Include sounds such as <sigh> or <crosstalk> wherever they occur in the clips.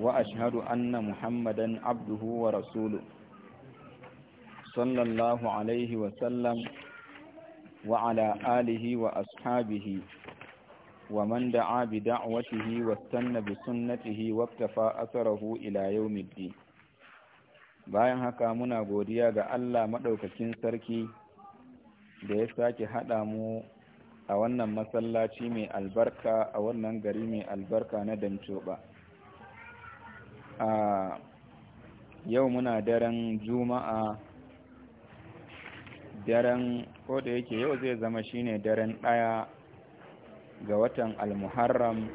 وأشهد أن محمدا عبده ورسوله صلى الله عليه وسلم وعلى آله وأصحابه ومن دعا بدعوته واستنى بسنته واكتفى أثره إلى يوم الدين bayan haka muna godiya ga Allah maɗaukakin sarki da ya sake haɗa mu a wannan masallaci mai albarka a wannan gari mai albarka na Damcoba. a yau muna daren juma'a daren ko da yake yau zai zama shine daren ɗaya ga watan almuharram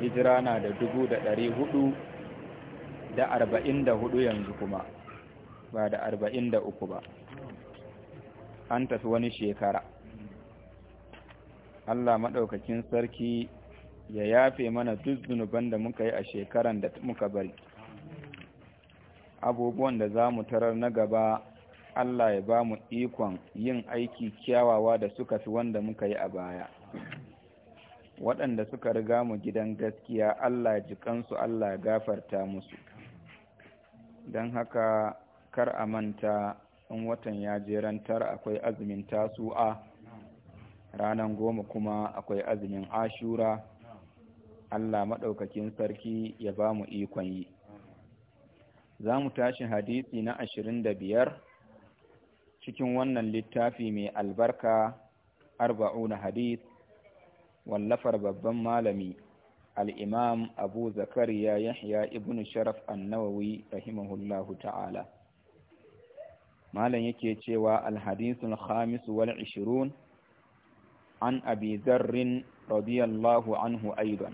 hijira na da dubu da dari hudu da arba'in da hudu yanzu kuma ba da arba'in da uku ba an tafi wani shekara Allah maɗaukakin sarki ya yafe mana duk zunuban da muka yi a shekaran da muka bari abubuwan da za mu tarar na gaba Allah ya ba mu ikon yin aiki kyawawa da suka fi wanda muka yi a baya waɗanda suka riga mu gidan gaskiya Allah jikansu Allah ya gafarta musu don haka kar a manta in watan ya jerantar akwai azumin tasu'a ranar goma kuma akwai azumin ashura Allah maɗaukakin sarki ya ba mu ikon yi. Za mu tashi hadisi na ashirin da biyar cikin wannan littafi mai albarka arba'una hadis, wallafar babban malami al'imam abu zakariya yahya ibn sharaf annawawi rahimahullahu ta'ala. Malam yake cewa alhadisul khamisu wal ishirun an abi zarrin radiyallahu anhu aidan.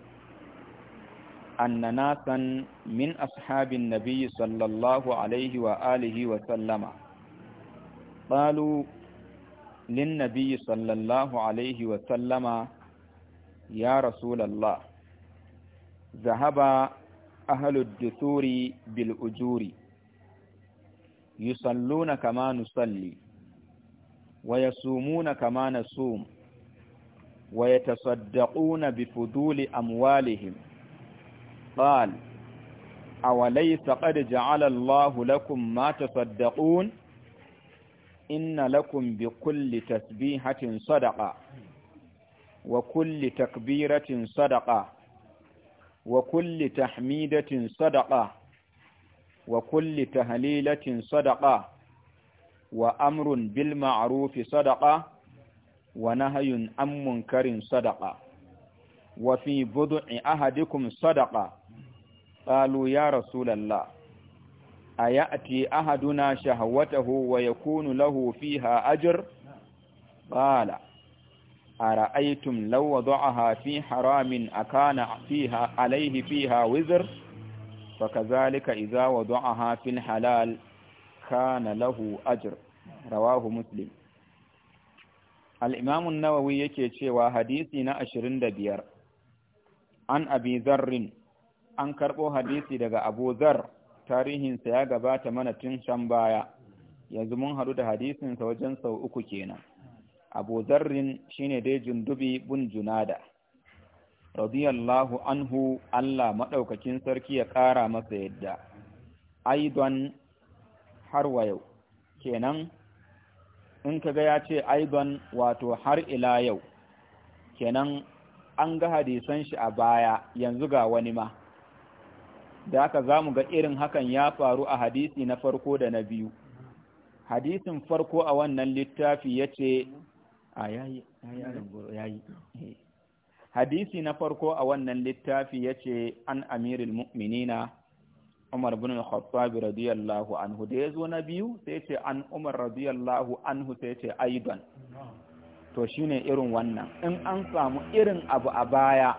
أن ناسا من أصحاب النبي صلى الله عليه وآله وسلم قالوا للنبي صلى الله عليه وسلم يا رسول الله ذهب أهل الدثور بالأجور يصلون كما نصلي ويصومون كما نصوم ويتصدقون بفضول أموالهم قال أوليس قد جعل الله لكم ما تصدقون إن لكم بكل تسبيحة صدقة وكل تكبيرة صدقة وكل تحميدة صدقة وكل تهليلة صدقة وأمر بالمعروف صدقة ونهي عن منكر صدقة وفي بضع أحدكم صدقة قالوا يا رسول الله أيأتي أحدنا شهوته ويكون له فيها أجر قال أرأيتم لو وضعها في حرام أكان فيها عليه فيها وزر فكذلك إذا وضعها في الحلال كان له أجر رواه مسلم الإمام النووي يكي cewa hadisi na عن أبي abi an karɓo hadisi daga Abu Zar tarihinsa ya gabata mana tun can baya yanzu mun haɗu da hadisinsa wajen sau uku kenan Abu Zarrin shine dai jundubi bun junada radiyallahu anhu Allah maɗaukakin sarki ya ƙara masa yadda aidan har wa kenan in kaga ya ce aidan wato har ila yau kenan an ga hadisan shi a baya yanzu ga wani ma da haka za mu ga irin hakan ya faru a hadisi na farko da na biyu hadisin farko a wannan littafi ya ce a yayi hadisi na farko a wannan littafi ya ce an amiril mu'minina umar bin al radiyallahu anhu da ya zo na biyu sai ce an umar radiyallahu anhu sai ce aidan to shine irin wannan in an samu irin abu a baya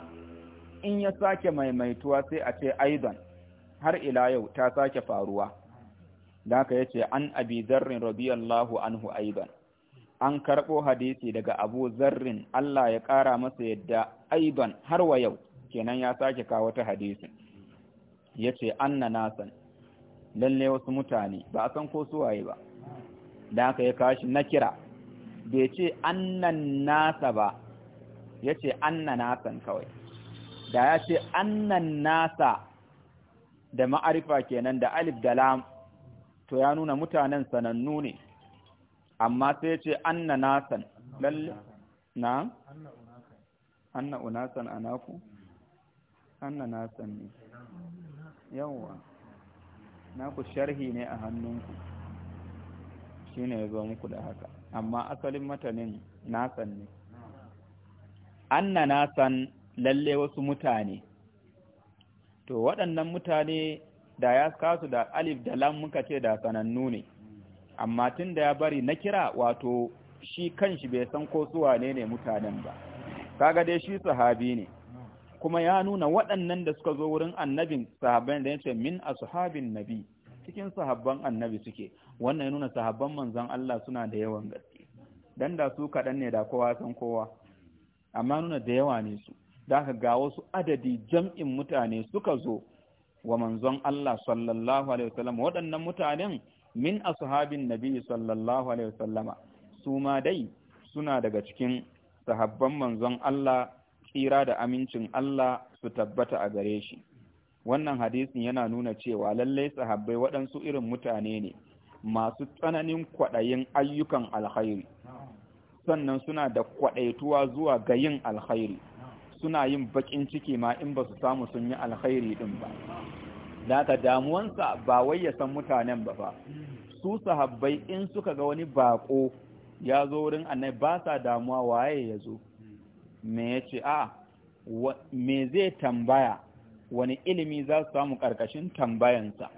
in ya sake maimaituwa sai a ce aidan har ila yau ta sake faruwa ya yace an abi zarrin radiyallahu anhu aidan an karɓo hadisi daga abu zarrin Allah ya ƙara masa yadda aidan har wa yau kenan ya sake kawo ta hadisi yace anna nasan lalle wasu mutane ba a san ko suwaye ba daka ya kashi nakira bai ce nan nasa ba yace anna nasan kawai da ya ce annan nasa da ma'arifa kenan da alif da lam to ya nuna mutanen sanannu ne amma sai ce anna nasan lalle na anna unasan anaku anna nasan ne yawwa naku sharhi ne a hannunku shi ne zo muku da haka amma asalin matanin nasan ne anna nasan lalle wasu mutane to waɗannan mutane da ya kasu da alif da lam muka ce da sanannu ne amma tun da ya bari na kira wato shi kanshi bai san ko suwa ne ne mutanen ba kaga dai shi sahabi ne kuma ya nuna waɗannan da suka zo wurin annabin sahabban da yace min ashabin nabi cikin sahabban annabi suke wannan ya nuna sahabban manzon Allah suna da yawan gaske dan da su kaɗan ne da kowa san kowa amma nuna da yawa ne su da ga wasu adadi jam'in mutane suka zo wa manzon Allah sallallahu alaihi wasallam waɗannan mutanen min ashabin nabi sallallahu alaihi wasallama su ma dai suna daga cikin sahabban manzon Allah tsira da amincin Allah su tabbata a gare shi wannan hadisin yana nuna cewa lallai sahabbai waɗansu irin mutane ne masu tsananin kwaɗayin ayyukan alkhairi sannan suna da kwaɗaituwa zuwa ga yin alkhairi suna yin bakin ciki ma in ba su samu sun yi alkhairi din ba da ka damuwansa ba wai ya san mutanen ba ba su sahabbai in suka ga wani bako ya zo wurin annai ba sa damuwa waye ya zo me ya ce a me zai tambaya wani ilimi za su samu ƙarƙashin tambayansa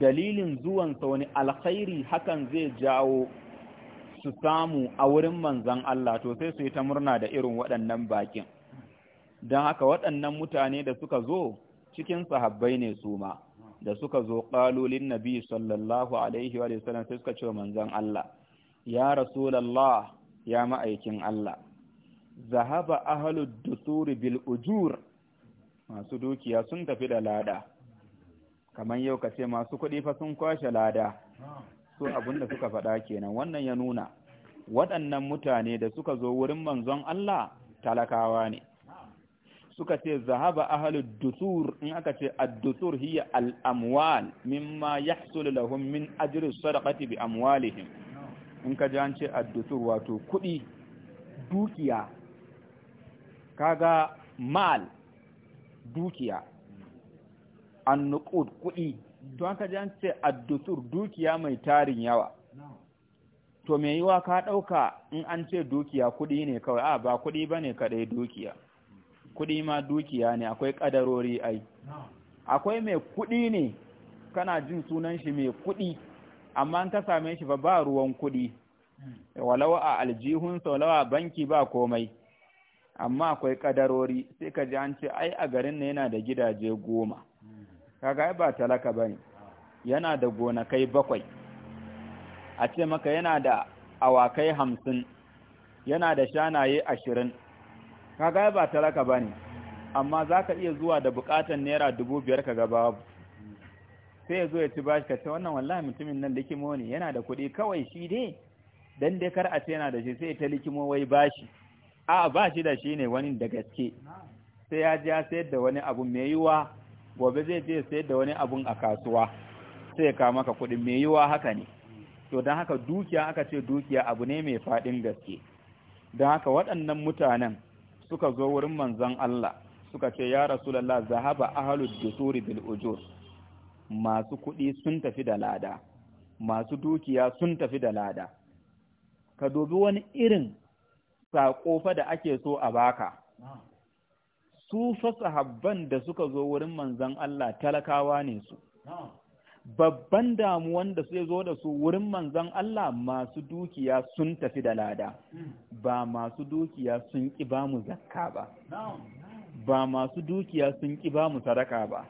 dalilin zuwansa wani alkhairi hakan zai jawo su samu a wurin manzan Allah to sai su yi ta murna da irin waɗannan bakin don haka waɗannan mutane da suka zo cikin sahabbai ne su ma da suka zo ƙalolin nabi sallallahu alaihi wa sallam sai suka ce manzon Allah ya rasulallah ya ma'aikin Allah zahaba ahlud dusuri bil ujur masu dukiya sun tafi da lada kamar yau ka ce masu kuɗi fa sun kwashe lada so abinda suka faɗa kenan wannan ya nuna waɗannan mutane da suka zo wurin manzon Allah talakawa ne suka ce zahaba ahalud dusur in aka ce ad-dusur hiya al-amwal mimma yahsul lahum min ajri sadaqati bi amwalihim in ka ji an ce ad-dusur wato kudi dukiya kaga mal dukiya an-nuqud kudi an ka ji an ce ad-dusur dukiya mai tarin yawa to me yiwa ka dauka in an ce dukiya kudi ne kawai a ba kudi bane kadai dukiya kuɗi ma dukiya ne akwai ƙadarori ai akwai mai kuɗi ne kana jin sunan shi mai kuɗi amma ka same shi ba ba ruwan kuɗi walawa a aljihun salawa banki ba komai amma akwai ƙadarori sai ka ji an ce ai a garin ne yana da gidaje goma kaga ai ba talaka ba ne yana da gonakai bakwai a ce maka yana da awakai hamsin yana da shanaye ashirin kaga ba talaka bane amma zaka iya zuwa da bukatan naira biyar kaga babu sai ya zo ya ci bashi ka wannan wallahi mutumin nan likimo ne yana da kuɗi kawai shi dai dan dai kar a ce yana da shi sai ta likimo wai bashi a ba shi da shi ne wani da gaske sai ya ji ya sayar da wani abu mai yiwa gobe zai je sayar da wani abun a kasuwa sai ya ka maka kuɗin mai yiwa haka ne to dan haka dukiya aka ce dukiya abu ne mai faɗin gaske dan haka waɗannan mutanen suka zo wurin manzon Allah suka ce ya rasulullah zahaba ahlud dusuri bil ujur masu kuɗi sun tafi da lada masu dukiya sun tafi da lada ka dubi wani irin saƙo fa da ake so a baka su fa sahabban da suka zo wurin manzon Allah talakawa ne su babban damuwan da sai zo da su wurin manzan Allah masu dukiya sun tafi da lada ba masu dukiya sun ki ba mu zakka ba ba masu dukiya sun ki ba mu sadaka ba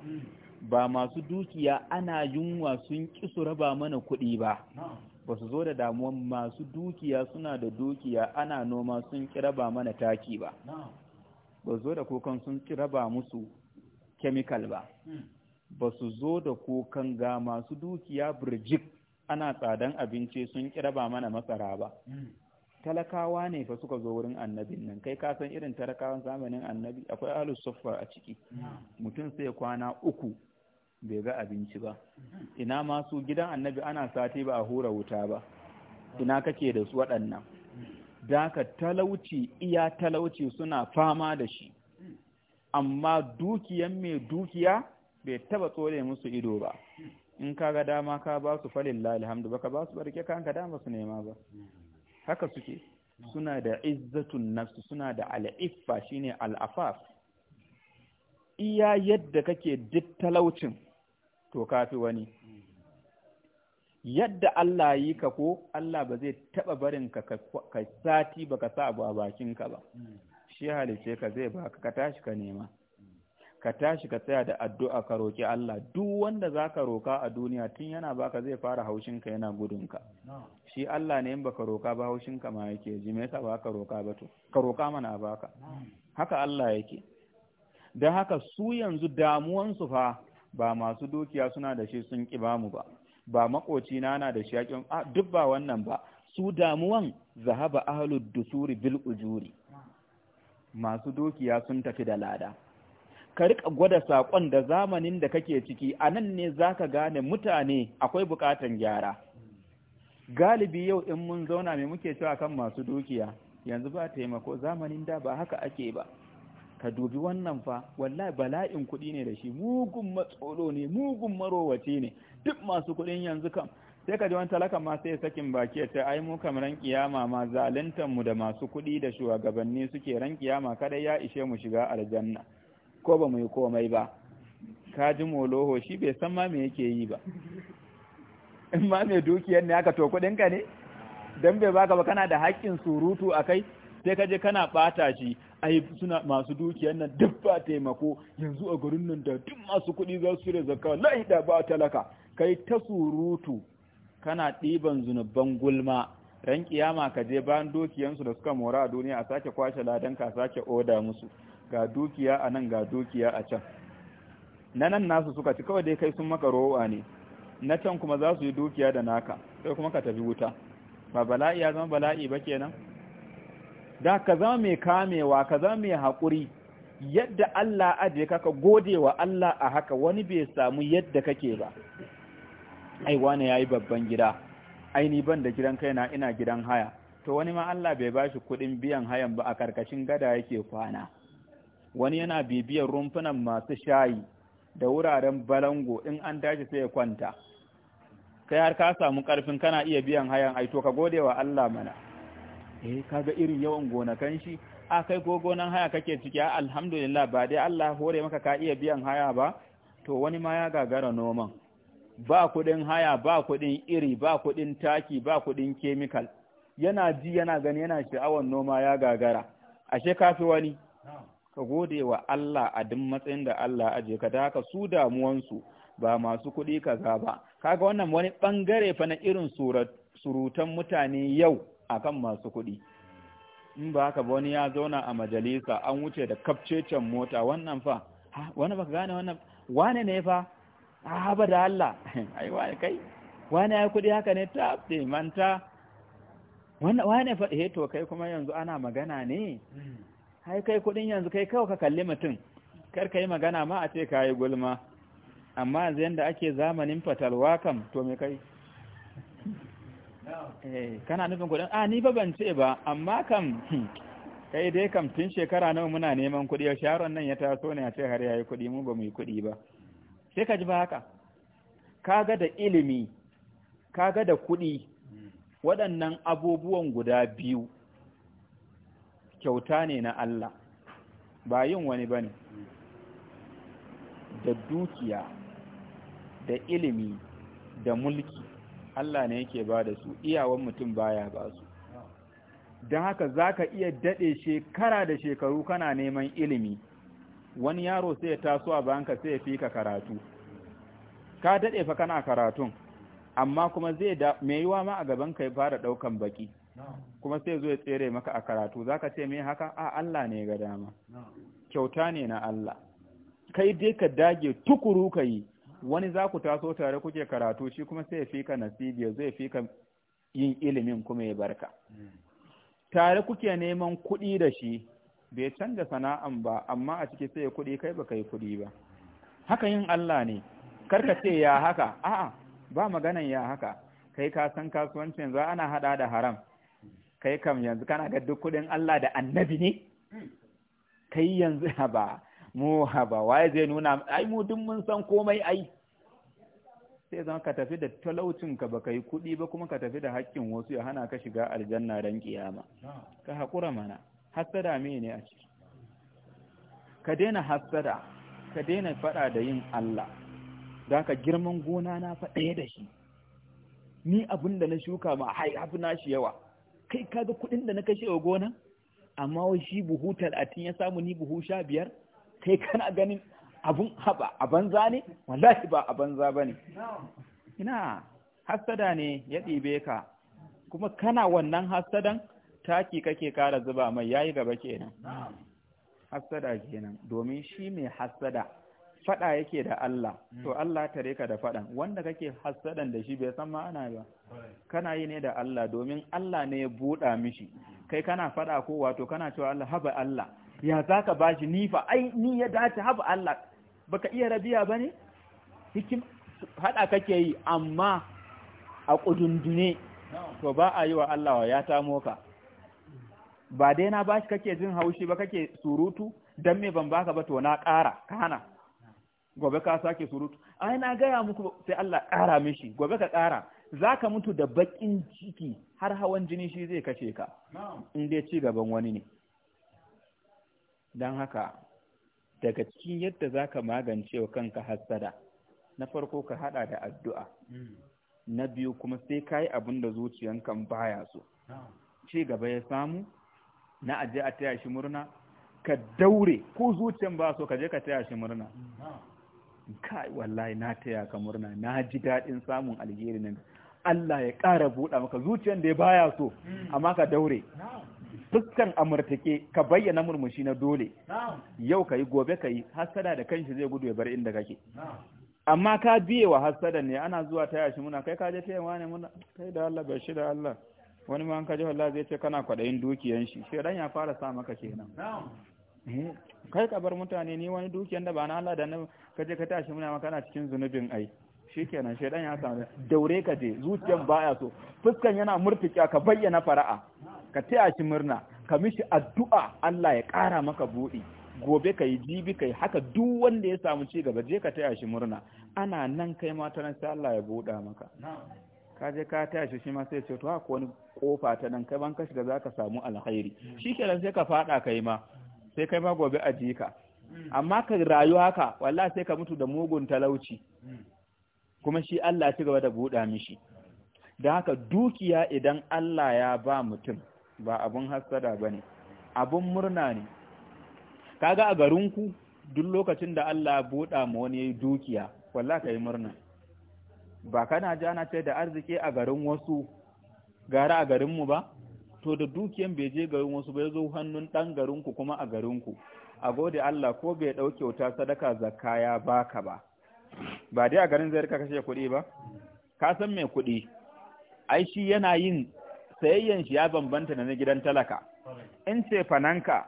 ba masu dukiya ana yunwa sun ki su raba mana kuɗi ba ba su zo da damuwan masu dukiya suna da dukiya ana noma sun ki raba mana taki ba ba zo da kukan sun ki raba musu kemikal ba ba su zo da kokan ga masu dukiya birjik ana tsadan abinci sun kira ba mana masara ba hmm. talakawa ne fa suka zo wurin annabin nan kai ka san irin talakawan zamanin annabi akwai alusufa a ciki hmm. mutum sai kwana uku bai ga abinci ba hmm. ina masu gidan annabi ana sati ba a hura wuta ba ina kake da su waɗannan daka talauci iya talauci suna fama da shi amma dukiyan mai dukiya bai taba tsore musu ido ba in ka ga dama ka ba su falilla alhamdu baka ba su barke ka hanka dama su nema ba haka suke suna da izzatun nafsu suna da al'iffa shine al'afaf iya yadda kake duk talaucin to kafi wani yadda Allah yi ka ko Allah ba zai taba barin ka ka sati baka sa abu a bakin ba shi halice ka zai baka ka tashi ka nema ka tashi ka tsaya da addu'a ka roƙi Allah duk wanda za ka roƙa a duniya tun yana baka zai fara haushinka yana gudunka shi Allah ne in baka roƙa ba haushinka ma yake ji me yasa ba ka roƙa ba to ka roƙa mana baka haka Allah yake Da haka su yanzu damuwansu fa ba masu dukiya suna da shi sun ƙi bamu ba ba makoci na da shi a duk ba wannan ba su damuwan zahaba ahlud dusuri bil ujuri masu dukiya sun tafi da lada ka rika gwada saƙon da zamanin da kake ciki a nan ne za ka gane mutane akwai buƙatan gyara galibi yau in mun zauna mai muke cewa kan masu dukiya yanzu ba taimako zamanin da ba haka ake ba ka dubi wannan fa wallahi bala'in kuɗi ne da shi mugun matsolo ne mugun marowaci ne duk masu kuɗin yanzu kam sai ka ji wani talaka ma sai sakin baki ya ce ai mu kam ran kiyama ma zaluntan mu da masu kuɗi da shugabanni suke ran kiyama kada ya ishe mu shiga aljanna ko ba mu yi komai ba ka ji moloho shi bai san ma me yake yi ba in ma mai dukiyar ne aka to ka ne dan bai baka ba kana da haƙƙin surutu a kai sai ka je kana bata shi ai suna masu dukiyar nan duk ba taimako yanzu a garin nan da duk masu kuɗi za su da zakka wallahi da ba talaka kai ta surutu kana ɗiban zunuban gulma ran kiyama ka je bayan dukiyansu da suka mora a duniya a sake kwashe ladan ka sake oda musu ga dukiya a nan ga dukiya a can na nan nasu suka ci kawai dai kai sun maka rowa ne na can kuma za su yi dukiya da naka sai kuma ka tafi wuta ba bala'i ya zama bala'i ba kenan da ka zama mai kamewa ka zama mai haƙuri yadda Allah aje ka ka gode wa Allah a haka wani bai samu yadda kake ba ai wani ya yi babban gida ai ni ban da gidan kaina ina gidan haya to wani ma Allah bai bashi kuɗin biyan hayan ba a karkashin gada yake kwana wani yana bibiyar rumfunan masu shayi da wuraren balango in an tashi sai ya kwanta kai har ka samu karfin kana iya biyan hayan to ka gode wa Allah mana eh kaga irin yawan gonakan shi a kai ko gonan haya kake ciki alhamdulillah ba dai Allah hore maka ka iya biyan haya ba to wani ma ya gagara noman ba kudin haya ba kudin iri ba kudin taki ba kudin chemical yana ji yana gani yana sha'awar noma ya gagara ashe kafi wani ka gode wa Allah a duk matsayin da Allah aje ka da su damuwansu ba masu kuɗi kaza ba kaga wannan wani bangare fa na irin surutan mutane yau akan masu kuɗi in ba haka wani ya zauna a majalisa an wuce da kafcecen mota wannan fa wani baka gane wannan wane ne fa a haba da Allah <laughs> ai wani kai wani ya kuɗi haka ne ta manta wani fa eh to kai kuma yanzu ana magana ne hmm. hai kai kudin yanzu kai kawai ka kalli mutum kar ka yi magana ma a ce ka yi gulma amma yanzu yanda ake zamanin fatalwa kam to me kai eh, kana nufin kudin a ni ba ban ce ba amma kam <laughs> kai dai kam tun shekara nawa muna neman kudi ya sharon nan ya taso ne a ce har yayi kudi mu ba mu yi kudi ba sai ka ji ba haka kaga da ilimi kaga da kudi waɗannan abubuwan guda biyu kyauta ne na Allah ba yin wani ba ne da dukiya da ilimi da mulki Allah ne yake ba da su iyawan mutum baya ba su don haka za ka iya daɗe shekara da shekaru kana neman ilimi wani yaro sai ya taso a banka sai ya fi ka karatu ka daɗe fa kana karatun amma kuma zai da mai yiwa ma a gaban ka ya fara ɗaukan baki kuma sai zo ya tsere maka a karatu zaka ce me haka a Allah ne ga dama kyauta ne na Allah kai dai ka dage tukuru ka yi wani za ku taso tare kuke karatu shi kuma sai ya fika nasibi ya zai fika yin ilimin kuma ya barka hmm. tare kuke neman kuɗi da shi bai canza sana'an ba amma a ciki sai ya kuɗi kai ba kai kuɗi ba haka yin Allah ne Kar ka ce ya haka a'a ba maganan ya haka kai ka san kasuwancin za ana hada da haram kai kam yanzu kana ga duk kudin Allah da annabi ne kai yanzu ba mu ba waye zai nuna ai mu duk mun san komai ai sai zan ka tafi da talaucin ka baka yi kudi ba kuma ka tafi da hakkin wasu ya hana ka shiga aljanna don kiyama ka haƙura mana hassada ne a ciki ka daina hassada ka daina faɗa da yin Allah za ka girman gona na faɗaya da shi ni abin da na shuka ma hai na shi yawa kai ka ga kuɗin da na kashe wa gona amma shi buhu talatin ya samu ni buhu sha biyar kai kana ganin abun haɓa a banza ne wallahi ba a banza ba ne ina hasada ne ya ɗibe ka kuma kana wannan hassadan taki kake kara zuba mai yayi gaba kenan hassada kenan domin shi mai hassada Faɗa yake da Allah hmm. to Allah tare ka da fadan wanda kake hasadan da shi bai san ma ba kana yi ne da Allah domin Allah ne ya buɗa mishi kai kana fada ko wato kana cewa Allah haba Allah ya zaka bashi ni fa ai ni ya dace haba Allah baka iya rabiya bane hikim Faɗa kake yi amma a kudundune to ba a yi wa Allah wa ya tamo ka ba dai na bashi kake jin haushi ba kake surutu dan me ban baka ba to na ƙara hana. gobe ka sake surutu ai na gaya muku sai Allah ƙara mishi gobe ka ƙara zaka mutu da baƙin ciki har hawan jini shi zai kashe ka in dai ci gaban wani ne dan haka daga cikin yadda zaka ka magance wa kanka hassada na farko ka hada da addu'a mm. na biyu kuma sai ka yi abin da zuciyankan baya so ci gaba ya samu na aje a taya shi murna ka daure ko zuciyan ba so ka je ka taya shi murna kai wallahi na taya ka murna na ji daɗin samun alheri nan Allah ya kara buɗa maka zuciyar da ya baya so amma ka daure fuskan amurtake ka bayyana murmushi na dole yau ka yi gobe ka yi hasada da kanshi zai gudu ya bar inda kake amma ka biye wa hasada ne ana zuwa taya shi muna kai ka je tayawa ne muna kai da Allah bai shi da Allah wani ma an kaji wallahi zai ce kana kwaɗayin dukiyan shi dan ya fara sa maka kenan Eh, kai ka bar mutane ni wani dukiyan da ba na Allah da na kaje ka tashi muna maka kana cikin zunubin ai shikenan shedan ya samu daure ka je zuciyar baya so fuskan yana murtuka ka bayyana fara'a ka taya shi murna ka mishi addu'a Allah ya ƙara maka buɗi gobe ka yi jibi ka yi haka duk wanda ya samu ci gaba je ka taya shi murna ana nan kai ma ta sai Allah ya buɗa maka ka je ka taya shi shi ma sai ce to haka wani kofa ta nan kai ban ka shiga zaka samu alkhairi shikenan sai ka faɗa kai ma sai kai ma gobe a ka amma ka rayu haka wallahi sai ka mutu da mugun talauci kuma shi Allah ci gaba da buɗa mishi da haka dukiya idan Allah ya ba mutum ba abun hasada ne. abun murna ne kaga a garinku duk lokacin da Allah buɗa ma wani dukiya wallahi kai murna ba kana jana ce da arziki a garin wasu gara a garinmu ba to da dukiyan bai je garin wasu ya zo hannun ɗan garinku kuma a garinku a gode Allah ko bai ɗauke wuta sadaka zakaya ya baka ba ba dai a garin zai ka kashe kuɗi ba ka san mai kuɗi ai shi yana yin sayayyan shi ya bambanta da na gidan talaka in ce fananka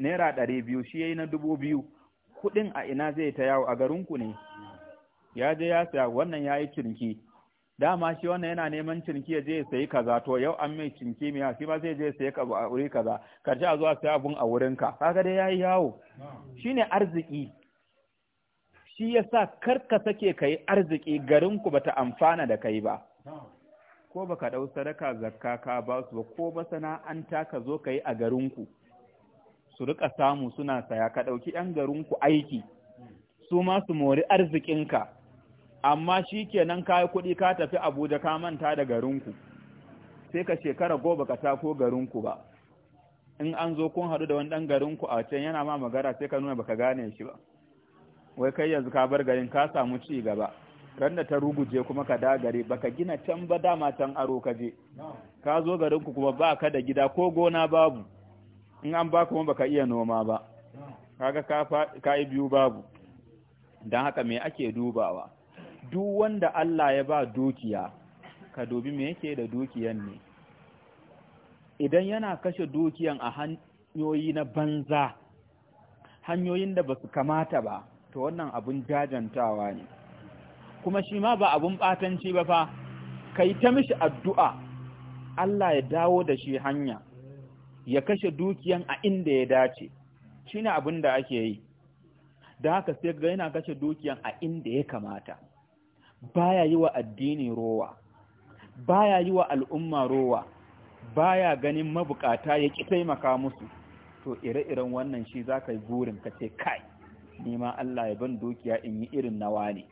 naira ɗari biyu shi ya yi na dubu biyu kuɗin a ina zai ta yawo a garinku ne ya je ya saya wannan ya yi cinki dama shi wannan yana neman cinki ya je ya sayi kaza to yau an mai cinki mai shi ba zai je ya sayi kaza a wuri kaza karshe a zuwa sai abun a wurinka kaga dai yayi yawo shine arziki shi yasa kar ka sake kai arziki garin ku bata amfana da kai ba ko baka dau sadaka zakka ka ba su ba ko ba masana'anta ka zo kai a garin ku su rika samu suna saya ka dauki yan garin ku aiki su ma su mori arzikinka amma shi kenan kayi kuɗi ka tafi abuja ka manta da garinku sai ka shekara gobe ka tako garinku ba in an zo kun haɗu da wani ɗan garinku a can yana ma magana sai ka nuna baka gane shi ba wai kai yanzu ka bar garin ka samu ci gaba ran da ta ruguje kuma ka da gari baka gina can ba dama can aro ka je ka zo garinku kuma ba ka da gida ko gona babu in an ba kuma baka iya noma ba kaga ka yi biyu babu dan haka me ake dubawa duk wanda Allah ya ba dukiya ka dubi me yake da dukiyan ne idan yana kashe dukiyan a hanyoyi na banza hanyoyin da basu kamata ba to wannan abun jajantawa ne kuma shi ma ba abun batanci ba fa kai ta mishi addu'a Allah ya dawo da shi hanya ya kashe dukiyan a inda ya dace shine abin da ake yi da haka sai ga yana kashe dukiyan a inda ya kamata baya yi wa addini rowa baya yi wa al'umma rowa baya ganin mabukata ya ƙi taimaka musu to ire-iren wannan shi za ka yi burin ka ce kai nima Allah ya ban dukiya in yi irin nawa ne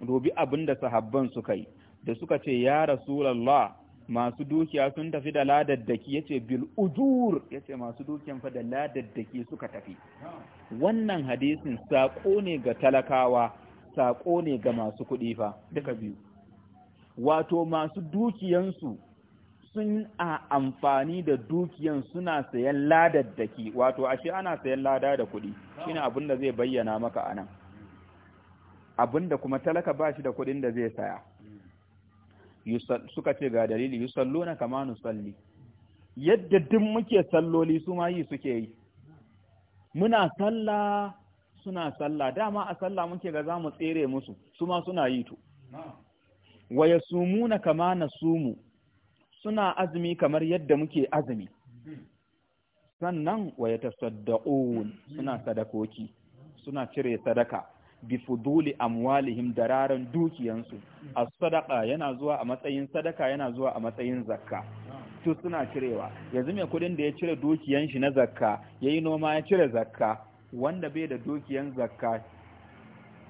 dobi abin da sahabban suka yi da suka ce ya rasulallah masu dukiya sun tafi da ladaddaki yace bil ujur yace masu dukiyan fa da ladaddaki suka tafi wannan hadisin sako ne ga talakawa saƙo ne ga masu kuɗi fa duka biyu wato masu dukiyansu sun a amfani da dukiyan suna sayan da ki wato ashe ana sayan lada da kuɗi shine abin da zai bayyana maka anan abin da kuma talaka ba shi da kuɗin da zai saya suka ce ga dalili na kama salli yadda duk muke salloli su ma yi suke yi muna sallah suna sallah dama a sallah muke ga zamu tsere musu su ma suna yi to wa yasumuna kama nasumu suna azumi kamar yadda muke azumi sannan wa yatasaddaqun suna sadakoki suna cire sadaka bi fuduli amwalihim dararan dukiyansu as-sadaqa yana zuwa a matsayin sadaka yana zuwa a matsayin zakka to suna cirewa yanzu me kudin da ya cire dukiyan shi na zakka yayi noma ya cire zakka wanda bai da dukiyan zakka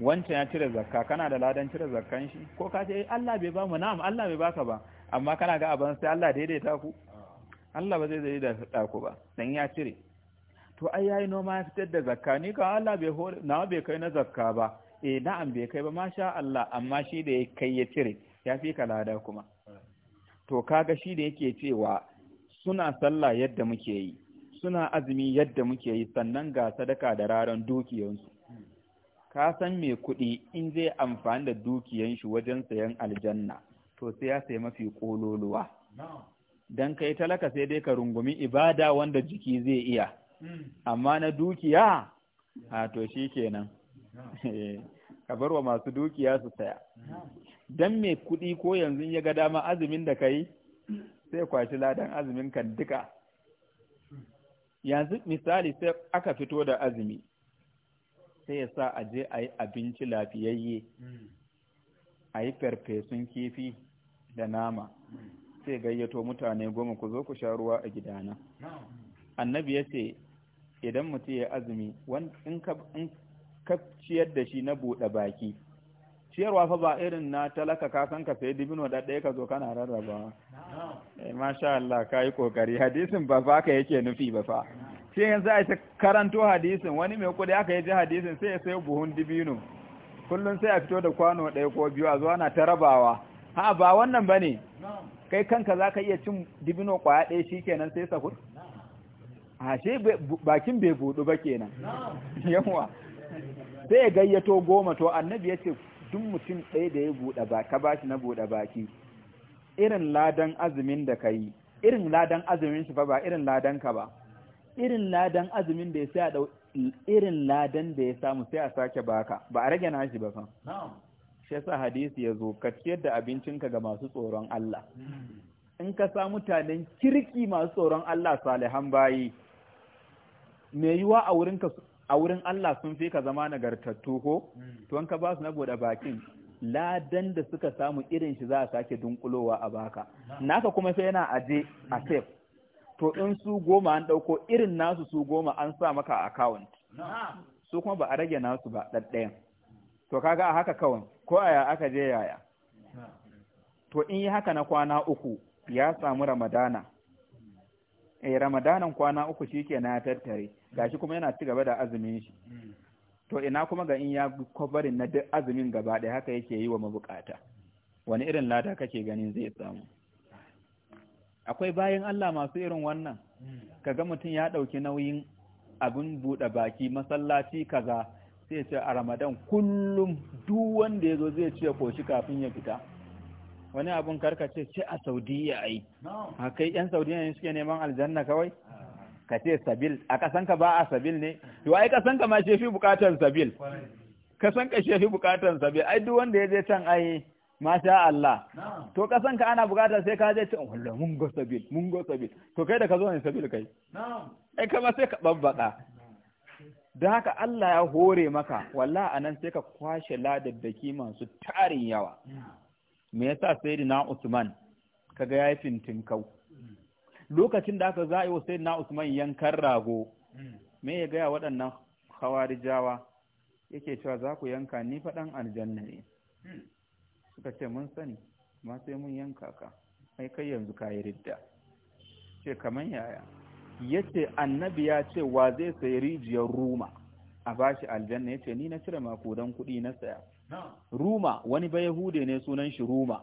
wancan ya cire zakka kana da ladan cire zakkan shi ko ka ce eh, Allah bai ba mu na'am Allah bai baka ba amma kana ga abin sai Allah daidaita ku Allah ba zai daidaita ku ba dan ya cire to ai yayi noma ya fitar da zakka ni ka Allah bai hore na bai kai na zakka ba eh na'am bai kai ba masha Allah amma shi da ya kai ya cire ya fi ka lada kuma to kaga shi da yake cewa suna sallah yadda muke yi suna azumi yadda muke yi sannan ga sadaka da raran dukiyansu ka san mai kuɗi in zai amfani da dukiyan shi wajen sayan aljanna to sai ya sayi mafi kololuwa Don kai talaka sai dai ka rungumi ibada wanda jiki zai iya amma na dukiya a to shi kenan <laughs> ka bar wa masu dukiya su saya Don mai kuɗi ko yanzu ya ga dama azumin da ka yi? sai kwashi ladan azumin kan duka yanzu misali sai aka fito da azumi sai ya sa a je a yi abinci lafiyayye a yi farfesun kifi da nama sai gayyato mutane goma ku zo ku sha ruwa a gidana annabi ya ce idan mutum ya azumi in ka ciyar da shi na buɗe baki siyarwa fa ba irin na talaka ka san ka sai dibino da ɗaya ka zo kana rarraba eh masha Allah ka yi kokari hadisin ba fa ka yake nufi ba fa sai yanzu a karanto hadisin wani mai kudi aka yi ji hadisin sai ya sayo buhun dibino kullum sai a fito da kwano ɗaya ko biyu a zuwa na ta rabawa ha ba wannan ba kai kanka za ka iya cin dibino kwaya ɗaya shi kenan sai sahur shi bakin bai buɗu ba kenan yawa sai ya gayyato goma to annabi ya ce duk mutum ɗaya da ya buɗe ba ka bashi na buɗe baki irin ladan azumin da ka yi irin ladan azumin shi fa ba irin ladan ka ba irin ladan azumin da ya sai irin ladan da ya samu sai a sake baka ba a rage nashi ba fa shi yasa hadisi ya zo ka ciyar da abincinka ga masu tsoron Allah hmm. in ka sa mutanen kirki masu tsoron Allah salihan bayi mai yiwa a wurinka a wurin Allah sun fi ka zama nagartattu ko hmm. to an ka ba su na bude bakin ladan da suka samu irin shi za a sake dunkulowa a baka hmm. naka kuma sai yana aje a hmm. sef to in su goma an dauko irin nasu su goma an sa maka account su kuma ba a rage nasu ba ɗaɗɗayan to kaga a haka kawai ko aya aka je yaya to in yi haka na kwana uku ya samu ramadana eh ramadanan kwana uku shike na tattare gashi kuma yana ci gaba da azumin shi to ina kuma ga in ya kwabarin na duk azumin gaba ɗaya haka yake yi wa mabukata wani irin lada kake ganin zai samu akwai bayan Allah masu irin wannan kaga mutum ya ɗauki nauyin abin buɗe baki masallaci kaza sai ce a ramadan kullum duk wanda ya zo zai ce koshi kafin ya fita wani abun karkace ce a saudiya ai haka yan saudiya ne suke neman aljanna kawai ah. ka ce sabil a kasanka ba a sabil ne to ai kasanka ma shefi bukatan sabil kasanka shefi bukatan sabil ai duk wanda ya je can ai Masha Allah. To kasanka ana bukata sai ka je can wallah mun go sabil mun go sabil to kai da ka zo ne sabil kai. Ai kama sai ka babbaka. Da haka Allah ya hore maka wallah anan sai ka kwashe ladaddaki masu tarin yawa. Me yasa Sayyidina Usman kaga ya fintin kau? lokacin da aka za'i wa sayyidina Usman yankan rago hmm. me ya gaya waɗannan khawarijawa yake cewa za ku yanka ni faɗan aljanna ne hmm. suka ce mun sani ma sai mun yanka ka ai kai yanzu ka yi ridda ce kaman yaya yace annabi ya ce wa zai sayi rijiyar ruma a bashi aljanna yace ni na cire makudan kuɗi na saya ruma wani Bayahude ne sunan shi ruma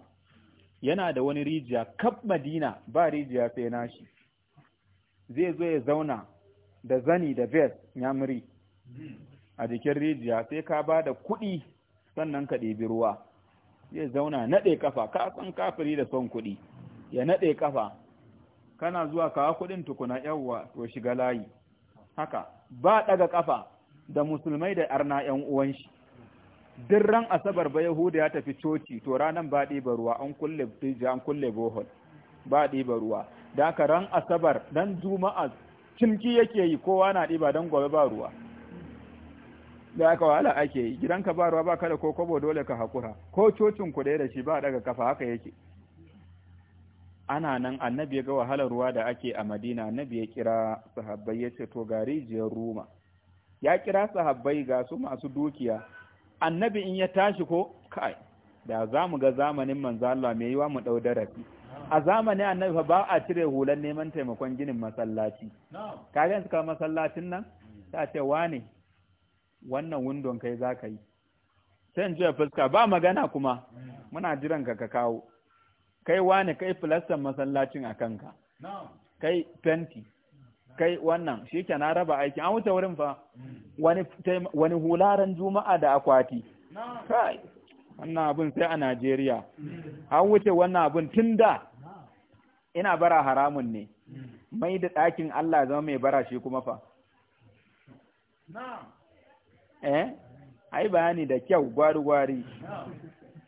yana da wani rijiya kaf madina ba rijiya sai nashi zai zo ya zauna da zani da ya nyamuri a jikin rijiya sai ka ba da kuɗi sannan ka ɗebi ruwa zai zauna naɗe kafa ka san kafiri da son kuɗi ya naɗe kafa kana zuwa kawo kuɗin tukuna yawwa to shiga layi haka ba ɗaga kafa da musulmai da arna ‘yan uwan shi duk ran asabar ba yahuda ya tafi coci to ranan ba ɗiba ruwa an kulle bijiya an kulle bohol ba ɗiba ruwa da ka ran asabar dan juma'a cinki yake yi kowa na ɗiba dan gobe ba ruwa da aka wahala ake yi gidanka ba ruwa ba kada ko kobo dole ka hakura ko cocin ku da shi ba daga kafa haka yake ana nan annabi ya ga wahalar ruwa da ake a madina annabi ya kira sahabbai ya ce to ga rijiyar ruma ya kira sahabbai ga su masu dukiya annabi in ya tashi ko kai da za mu ga zamanin manzo Allah mai yiwa mu dau darasi a zamani annabi fa ba a cire hulan neman taimakon ginin masallaci Ka ga suka masallacin nan ta ce wane wannan windon kai za ka yi sai in fuska ba magana kuma muna jiran ka ka kawo kai wane kai filastan masallacin a kanka kai fenti kai wannan shi ke na raba aiki an wuce wurin fa wani hularen juma'a da akwati kai wannan abin sai a najeriya an wuce wannan abin tun da ina bara haramun ne mai da ɗakin allah zama mai bara shi kuma fa eh ai bayani da kyau gwari-gwari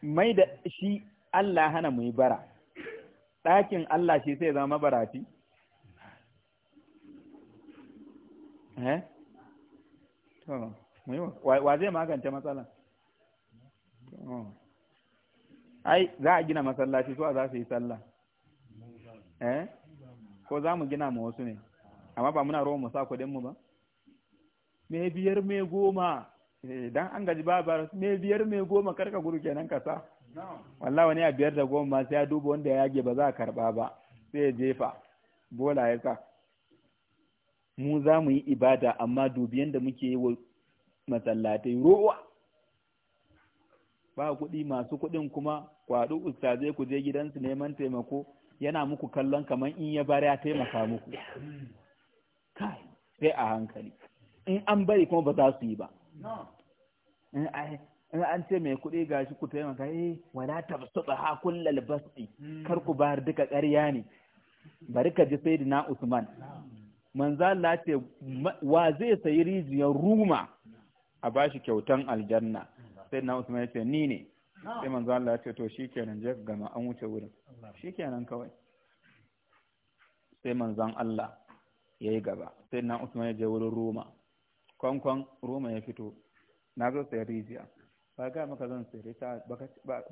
mai da shi allah hana mu yi bara ɗakin allah shi sai zama barati Eh? wa zai magance matsala ai za a gina masallaci su a za su yi sallah eh ko za mu gina ma wasu ne amma ba muna rowan mu sa kudin mu ba me biyar me goma eh, dan an gaji babar me biyar me goma karka guru kenan ka sa wallahi wani a biyar da goma sai ya duba wanda ya yage ba za a karba ba sai ya jefa bola ya sa mu za mu yi ibada amma dubi da muke yi wa masallatai rowa ba kuɗi masu kuɗin kuma kwaɗo ustazai ku je gidansu neman taimako yana muku kallon kamar in ya bari ya taimaka muku kai sai a hankali in an bari kuma ba za su yi ba in an ce mai kuɗi gashi ku taimaka eh wala tabsuba ha kullal basti kar ku bayar duka ƙarya ne bari ka ji na usman manzo Allah ce wa zai sayi rijiyar ruma a bashi kyautan aljanna sai na Usman ya ce ni ne sai manzo Allah ya ce to shikenan je gama an wuce wurin shikenan kawai sai Manzan Allah ya yi gaba sai na Usman ya je wurin Roma kwankwan Roma ya fito na zo sayi rijiya ba ga maka zan sayi ta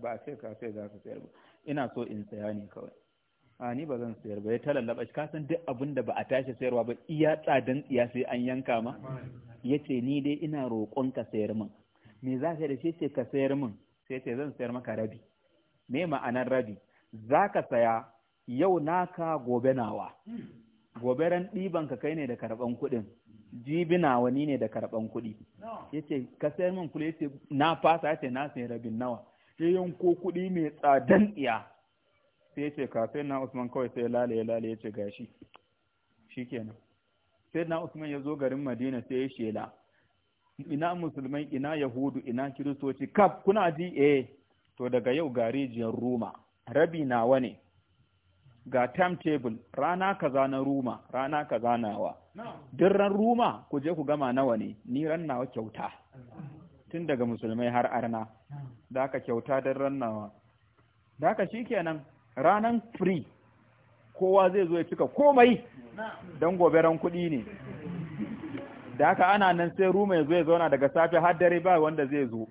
ba a ce ka sai za ka sayar ba ina so in saya ne kawai a ni ba zan sayar ba ya talallaba ka san duk abin da ba a tashi sayarwa ba iya tsadan tsiya sai an yanka ma ya ce ni dai ina roƙon ka sayar min me za ka da shi ce ka sayar min sai ce zan sayar maka rabi me ma'anar rabi za ka saya yau naka gobe nawa gobe ran ɗiban ka kai ne da karɓan kuɗin jibi nawa ni ne da karɓan kuɗi ya ce ka sayar min kula ya ce na fasa ya ce na sayar rabin nawa sai yanko kuɗi mai tsadan tsiya sai ya ce ka sai na usman kawai sai lalaye lalaye ya ce gashi shikenan sai na usman ya zo garin madina sai ya shela ina musulmai ina yahudu ina kiristoci kaf kuna ji eh to daga yau ga rijiyar roma rabi nawa ne ga timetable rana kaza na ruma rana kaza nawa duk ran ruma ku je ku gama nawa ne ni ran nawa kyauta tun daga musulmai har arna da aka kyauta don ran nawa da aka shikenan ranan free kowa zai zo ya cika komai don gobe ran kuɗi ne da haka ana nan sai ruma ya zo ya zauna daga safe har dare ba wanda zai zo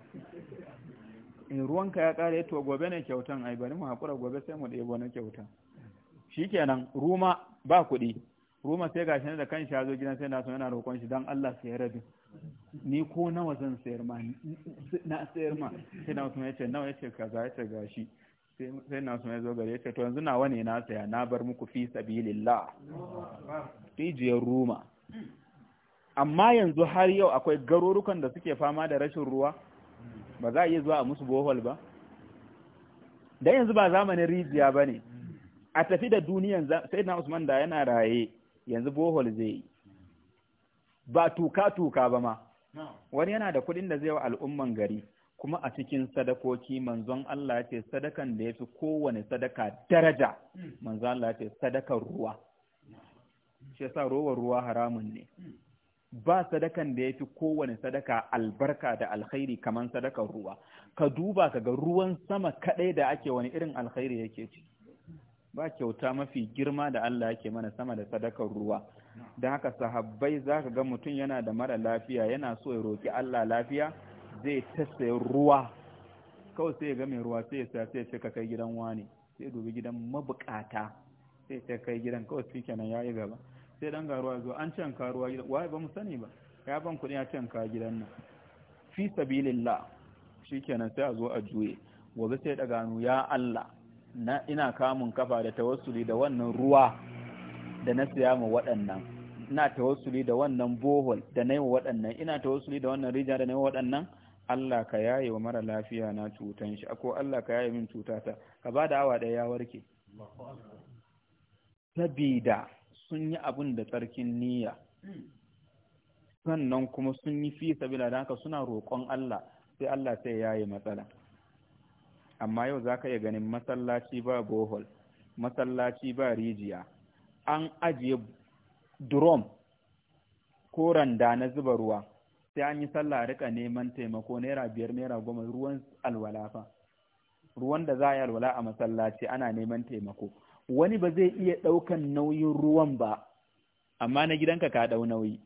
in eh, ruwanka ya kare to gobe ne kyautan ai bari mu haƙura gobe sai mu ɗebo na kyautan shikenan ruma ba kuɗi ruma sai gashi da kan shi ya zo gidan sai na so yana roƙon shi dan Allah sai ya rabi ni ko nawa zan sayar ma na sayar ma sai na so ya ce nawa ya ce kaza ya ce gashi sai na su zo gare ce to yanzu nawa ne na saya na bar muku fi sabilillah rijiyar ruma amma yanzu har yau akwai garurukan da suke fama da rashin ruwa ba za a iya zuwa a musu bohol ba dan yanzu ba zamanin rijiya ba ne a tafi da duniyan sai na usman da yana raye yanzu bohol zai yi ba tuka-tuka ba ma wani yana da kudin da zai wa al'umman gari kuma a cikin sadakoki manzon Allah ya ce sadakan da ya fi kowane sadaka daraja manzon Allah ce sadakar ruwa shi yasa rowar ruwa haramun ne ba sadakan da ya fi kowane sadaka albarka da alkhairi kamar sadakar ruwa ka duba ka ga ruwan sama kaɗai da ake wani irin alkhairi yake ci ba kyauta mafi girma da Allah yake mana sama da sadakar ruwa da haka sahabbai za ka ga mutum yana da mara lafiya yana so ya roki Allah lafiya zai ta sayan ruwa kawai sai ya ga mai ruwa sai ya saya sai ya ce ka kai gidan wani sai dubi gidan mabukata sai ta kai gidan kawai shi kenan ya yi gaba sai dan ga ruwa zo an can ka ruwa gidan wai ba mu sani ba ya ban kuɗi ya can ka gidan nan fi sabilillah shi kenan sai a zo a juye gobe sai daga nu ya Allah na ina kamun kafa da tawassuli da wannan ruwa da na siya ma waɗannan ina tawassuli da wannan bohol da na yi wa waɗannan ina tawassuli da wannan rija da na yi wa waɗannan Allah ka yaye wa mara lafiya na cutan shi ko Allah ka yaye min cutata ka ba da awa ɗaya ya warke sabida sun yi abin da tsarkin niyya sannan kuma sun yi fi sabila da haka suna roƙon Allah sai Allah sai yaye matsala amma yau za ka iya ganin masallaci ba bohol masallaci ba rijiya an ajiye drum ko randa na zuba ruwa sai an yi sallah rika neman taimako naira biyar naira goma ruwan alwala fa ruwan da za a yi alwala a masallaci ana neman taimako wani ba zai iya ɗaukan nauyin ruwan ba amma na gidanka ka ɗau nauyi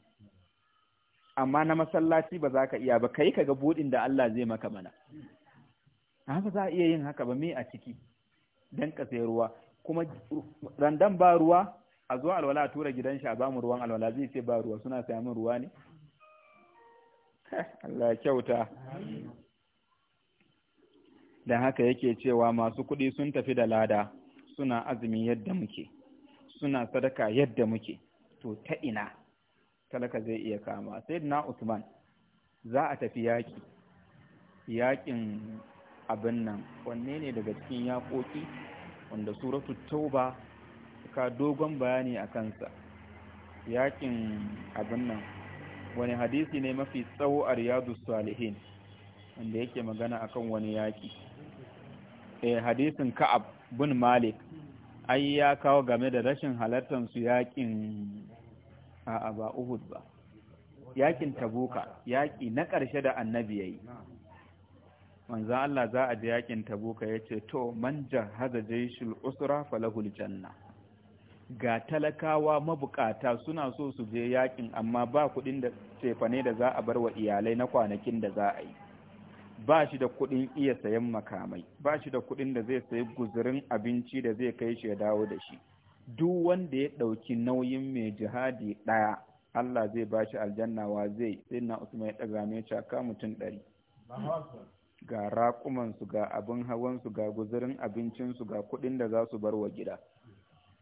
amma na masallaci ba za ka iya ba kai ga buɗin da Allah zai maka mana ba za a iya yin haka ba me a ciki dan ka sai ruwa kuma randan ba ruwa a zo alwala a tura gidan shi a bamu ruwan alwala zai ce ba ruwa suna samun ruwa ne <laughs> Allah kyauta da haka yake cewa masu kuɗi sun tafi da lada suna azumi yadda muke suna sadaka yadda muke to ta ina talaka zai iya kama sai na Usman za a tafi yaƙi yaƙin abin nan wanne ne daga cikin yaƙoƙi wanda suratu tauba ka dogon bayani a kansa yaƙin abin nan wani hadisi ne mafi tsawo a riyadu salihin wanda yake magana akan wani yaƙi eh hadisin ka'ab bin malik ai ya kawo game da rashin halartar su yaƙin a ba uhud ba yaƙin tabuka yaƙi na ƙarshe da annabi yayi manzo Allah za a ji yaƙin tabuka ya ce to man jahaza shi usra falahul janna ga talakawa mabukata suna so su je yakin amma ba kudin da tsefane da za a bar wa iyalai na kwanakin da za a yi ba shi da kudin iya sayan makamai ba shi da kudin da zai sayi guzurin abinci da zai kai shi ya dawo da shi duk wanda ya ɗauki nauyin mai jihadi ɗaya Allah zai ba shi aljanna wa zai sai na Usman ya ɗaga mai chaka mutum ɗari ga su ga abin hawan su, ga guzurin abincinsu ga kudin da za su bar wa gida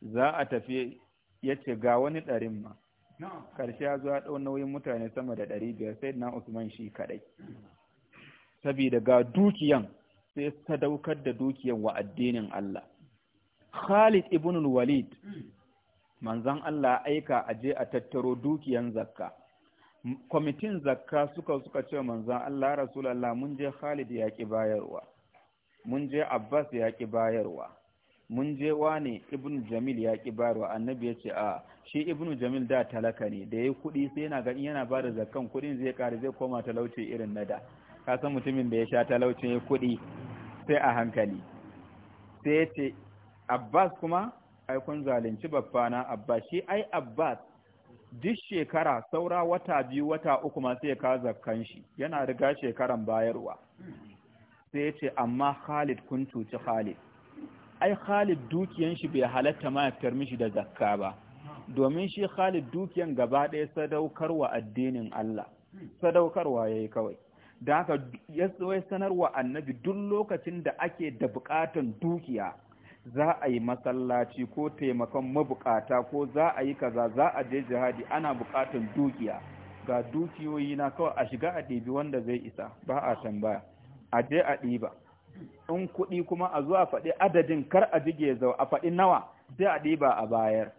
za a tafi ya ce ga wani ɗarin ma karshe ya zo ya ɗau nauyin mutane sama da ɗari biyar sai na usman shi kaɗai saboda ga dukiyan sai sadaukar da dukiyan wa addinin Allah Khalid ibn Walid manzan Allah aika a je a tattaro dukiyan zakka kwamitin zakka suka suka ce manzan Allah rasulallah mun je Khalid ya ki bayarwa mun je Abbas ya ki bayarwa mun je wa ne ibnu jamil ya ki barwa annabi ya ce a shi ibnu jamil da talaka ne da ya kuɗi sai yana ganin yana ba da zakkan kuɗin zai ƙara zai koma talauci irin na da ka san mutumin da ya sha talaucin ya kuɗi sai a hankali sai ya ce abbas kuma ai kun zalunci na abbas shi ai abbas duk shekara saura wata biyu wata uku ma sai ka zakkan shi yana riga shekaran bayarwa sai ya ce amma khalid kun cuci khalid ai Khalid dukiyan shi bai halatta ma fitar mishi da zakka ba domin shi Khalid dukiyan gaba ɗaya sadaukarwa addinin Allah sadaukarwa yayi kawai da haka ya sanarwa annabi duk lokacin da ake da bukatan dukiya za a yi masallaci ko taimakon mabukata ko za a yi kaza za a je jihadi ana buƙatan dukiya ga dukiyoyi na kawai a shiga a ɗibi wanda zai isa ba a tambaya a je a ɗiba in kuɗi kuma a zuwa faɗi adadin kar a jige zau a faɗi nawa sai a ɗiba a bayar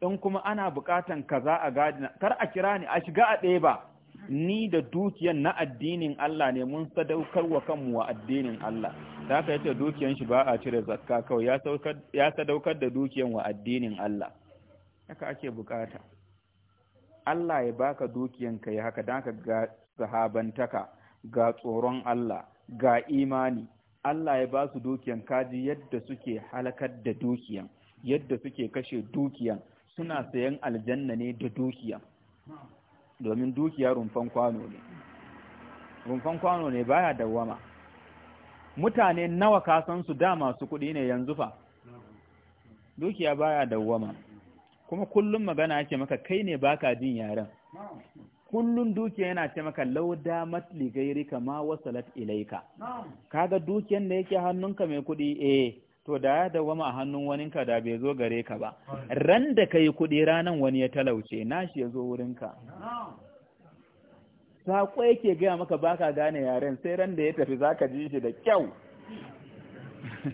in kuma ana buƙatan kaza a gadina kar a kira ni a shiga a ɗeba ni da dukiyan na addinin Allah ne mun sadaukar wa kanmu wa addinin Allah da haka yace dukiyan shi ba a cire zakka kawai ya saukar ya sadaukar da dukiyan wa addinin Allah haka ake bukata Allah ya baka dukiyan kai haka dan ka ga sahabantaka ga tsoron Allah ga imani Allah ya ba su dukiyan kaji yadda suke halakar da dukiyan yadda suke kashe dukiyan suna sayan aljanna ne da dukiyan domin dukiya rumfan kwano ne rumfan kwano ne baya wama. mutane nawa ka san su da masu kuɗi ne yanzu fa dukiya baya dawwama kuma kullum magana yake maka kai ne baka jin yaren kullun dukiya yana ce maka lauda matli gairika ma wasalat ilaika Ka ga dukiyan da yake hannunka mai kuɗi eh to da ya dawo a hannun waninka da bai zo gare ka ba ran da kai kuɗi ranan wani ya talauce nashi ya zo wurinka saƙo yake gaya maka baka gane yaren sai ran da ya tafi zaka ji shi da kyau <laughs>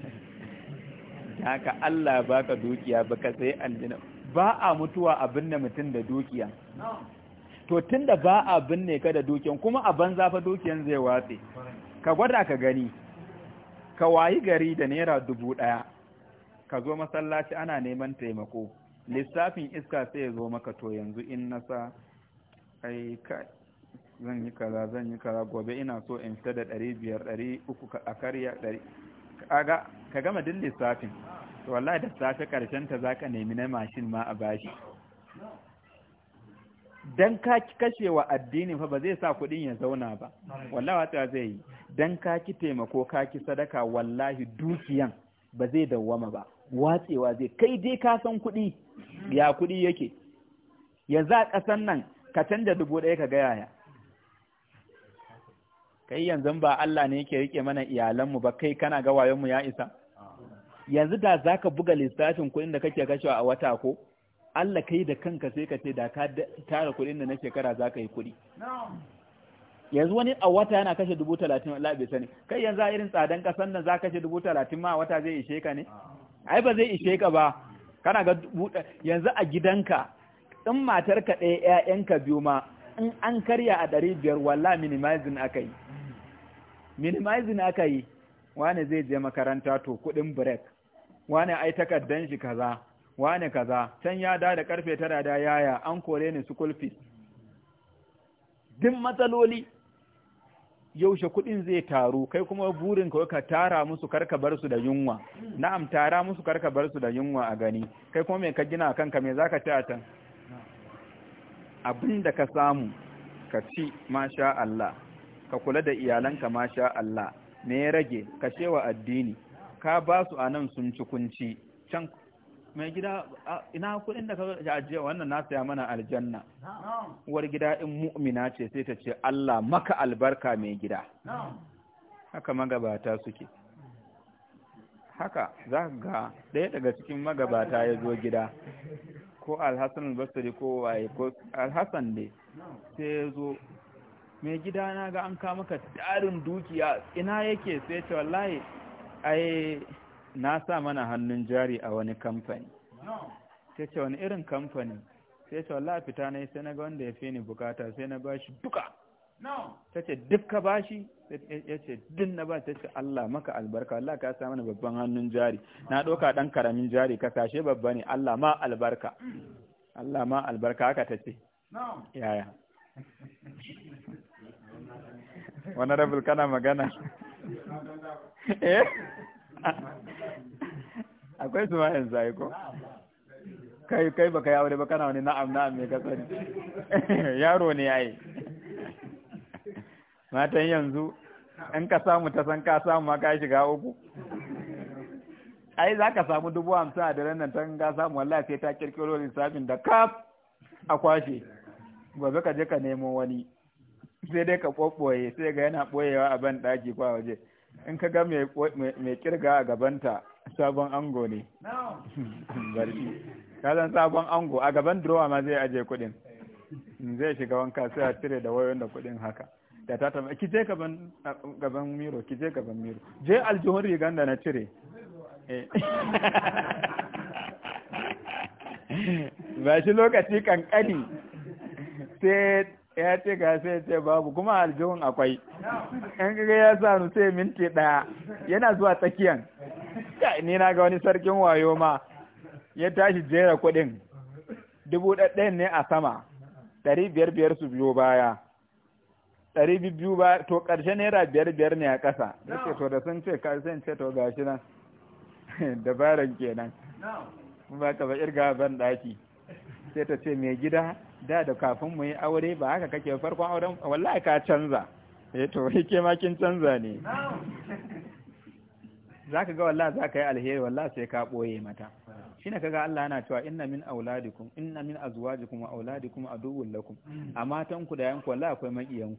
haka Allah baka dukiya baka sai aljina ba a mutuwa abin da mutum da dukiya to tun da ba a binne ka da dukiyan kuma a banza fa dukiyan zai watse ka gwada ka gani ka wayi gari da naira dubu ɗaya ka zo masallaci ana neman taimako lissafin iska sai ya zo maka to yanzu in nasa ai kai zan yi kaza zan yi kaza gobe ina so in fita da ɗari biyar ɗari uku a karya ɗari ka gama duk lissafin to wallahi da safe karshen ta zaka nemi na mashin ma a bashi dan ka kashe wa addini fa ba zai sa kuɗin ya zauna ba wallahi wata zai yi dan ka ki taimako ka ki sadaka wallahi dukiyan ba zai dawwama ba watsewa zai kai dai ka san kuɗi ya kuɗi yake yanzu a ƙasan nan ka canja dubu ɗaya ka gaya ya kai yanzu ba Allah ne yake rike mana iyalanmu ba kai kana ga wayonmu ya isa yanzu da zaka buga lissafin kuɗin da kake kashewa a wata ko Allah kai da kanka sai ka ce da ka tara kuɗin da na shekara za ka yi kuɗi yanzu wani a wata yana kashe dubu talatin Allah bai sani kai yanzu a irin tsadan ƙasan nan za kashe dubu talatin ma a wata zai ishe ka ne ai ba zai ishe ka ba kana ga yanzu a gidanka in ka ɗaya ‘ya'yanka biyu ma in an karya a ɗari biyar walla minimizing aka yi minimizing aka yi wane zai je makaranta to kuɗin break wane ai takardan shi kaza wane kaza can ya da da karfe tara da yaya an kore ni su kulfi Din matsaloli yaushe kuɗin zai taru kai kuma burin ka ka tara musu karka bar su da yunwa na'am tara musu karka bar su da yunwa a gani kai kuma me ka gina kanka me zaka ci a can abin da ka samu ka ci masha Allah ka kula da iyalanka masha Allah me ya rage ka shewa addini ka ba su a sun ci kunci can mai gida ina kuɗin da ka ajiye wannan na saya mana aljanna war gida in mu'mina ce sai ta ce Allah maka albarka mai gida haka magabata suke haka za ga ɗaya daga cikin magabata ya zo gida ko alhassan albasari ko waye ko alhassan ne sai ya zo mai gida na ga an kama ka tarin dukiya ina yake sai ce wallahi ai na sa mana hannun jari a wani kamfani Ta ce wani irin kamfani sai ce wallah fita na sai na ga wanda ya fi ni bukata sai na bashi duka ta ce duk ka bashi ya ce din na ba ta ce Allah maka albarka Allah ka sa mana babban hannun jari na ɗauka ɗan karamin jari ka kashe babba ne Allah ma albarka Allah ma albarka haka ta ce yaya wani <laughs> rabul kana magana <laughs> eh akwai su yanzu ko kai kai baka yi aure ba kana wani na'am na'am mai kasani yaro ne yayi matan yanzu in ka samu ta san ka samu ma ka shiga uku ai za ka samu dubu hamsin a daren nan tan ka samu wallahi sai ta kirkiro lissafin da kaf a kwashe gobe ka je ka nemo wani sai dai ka ɓoɓɓoye sai ga yana ɓoyewa a ban ɗaki kwa waje in ka ga mai kirga a gabanta sabon ango ne barci ka san sabon ango a gaban durowa ma zai aje kuɗin zai shiga wanka sai a cire da wayoyin da kuɗin haka da ta tabbata ki je gaban gaban miro ki je gaban miro je aljihun rigan da na cire eh. <laughs> ba shi lokaci kankani sai ya ce ga sai ce babu kuma aljihun akwai in kaga ya sa nu sai minti daya yana zuwa tsakiyan ni na ga wani sarkin wayo ma ya tashi jera kuɗin dubu ɗaɗɗayan ne a sama ɗari biyar biyar su biyo baya ɗari biyu ba to ƙarshe naira biyar biyar ne a ƙasa da to da sun ce sai ce to gashi nan <laughs> dabaran kenan ba ka ba irga ban ɗaki sai ta ce mai gida da da kafin mu yi aure ba haka kake farkon auren wallahi ka canza eh to <laughs> ke ma kin canza ne zaka ga wallahi zaka yi alheri wallahi sai ka boye mata shine kaga Allah yana cewa inna min auladikum inna min azwajikum wa auladikum aduwwul lakum mm. a tan ku da yanku wallahi akwai makiyan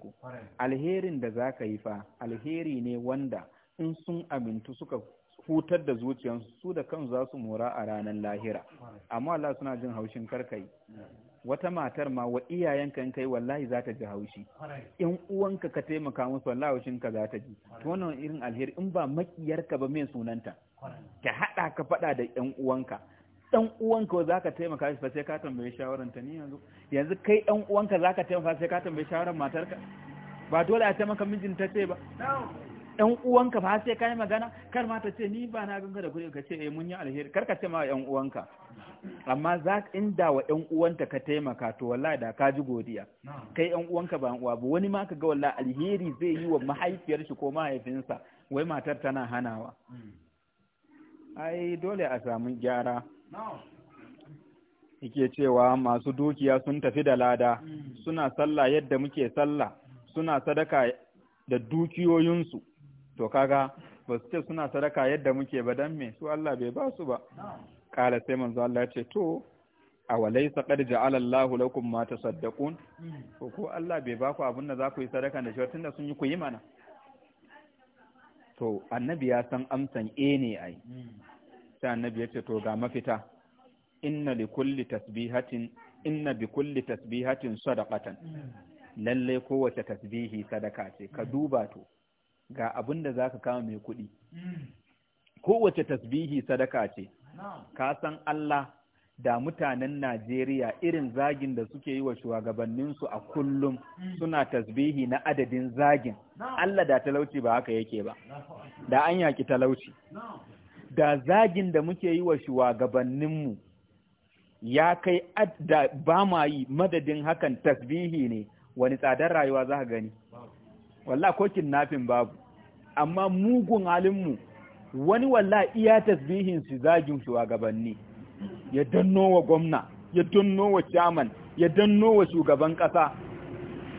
alherin da zaka yi fa alheri ne wanda in sun amintu suka hutar da zuciyarsu su da kansu za su mora a ranar lahira amma Allah suna jin haushin karkai wata matar ma wa iyayenka in kai wallahi za ta ji haushi in uwanka ka taimaka musu wallahi haushin ka za ta ji to wannan irin alheri in ba makiyarka ba mai sunanta ka hada ka fada da yan uwanka dan uwanka za ka taimaka shi fa sai ka tambaye shawaran ta ni yanzu yanzu kai dan uwanka za ka taimaka sai ka tambaye shawaran matarka ba dole a taimaka mijin ta ce ba ɗan uwanka fa sai ka yi magana kar ma ta ce ni ba na ganga da kuɗi ka ce eh mun yi alheri kar ka ce ma ɗan uwanka amma za inda wa ɗan uwanta ka taimaka to wallahi da ka ji godiya kai ɗan uwanka ba uwa ba wani ma ka ga wallahi alheri zai yi wa mahaifiyar shi ko mahaifinsa wai matar tana hanawa hmm. ai dole a samu gyara yake cewa masu dukiya sun tafi da lada hmm. suna sallah yadda muke sallah suna sadaka da dukiyoyinsu to kaga ba su ce suna sadaka yadda muke ba don me su Allah bai ba su ba kala sai manzo Allah ya ce to a walai qad ja'ala Allah lakum ma tasaddaqun ko ko Allah bai ba ku abin da za ku yi sadaka da shi tunda sun yi ku yi mana to annabi ya san amsan eh ne ai sai annabi ya ce to ga mafita inna li kulli tasbihatin inna bi kulli tasbihatin sadaqatan lalle kowace tasbihi sadaka ce ka duba to ga abin da zaka kama mai kuɗi kowace tasbihi sadaka ce ka san Allah da mutanen Najeriya irin zagin da suke yi wa shugabanninsu a kullum hmm. suna tasbihi na adadin zagin. Allah da talauci ba haka yake ba, da an yaki talauci. Da zagin da muke yi wa shugabanninmu ya kai da ba ma yi madadin hakan tasbihi ne wani tsadar rayuwa za gani. Wallah ko nafin babu, amma mugun halinmu wani walla iya tasbihin su zagin shugabanni ya danno wa gwamna ya danno wa chairman ya danno wa shugaban kasa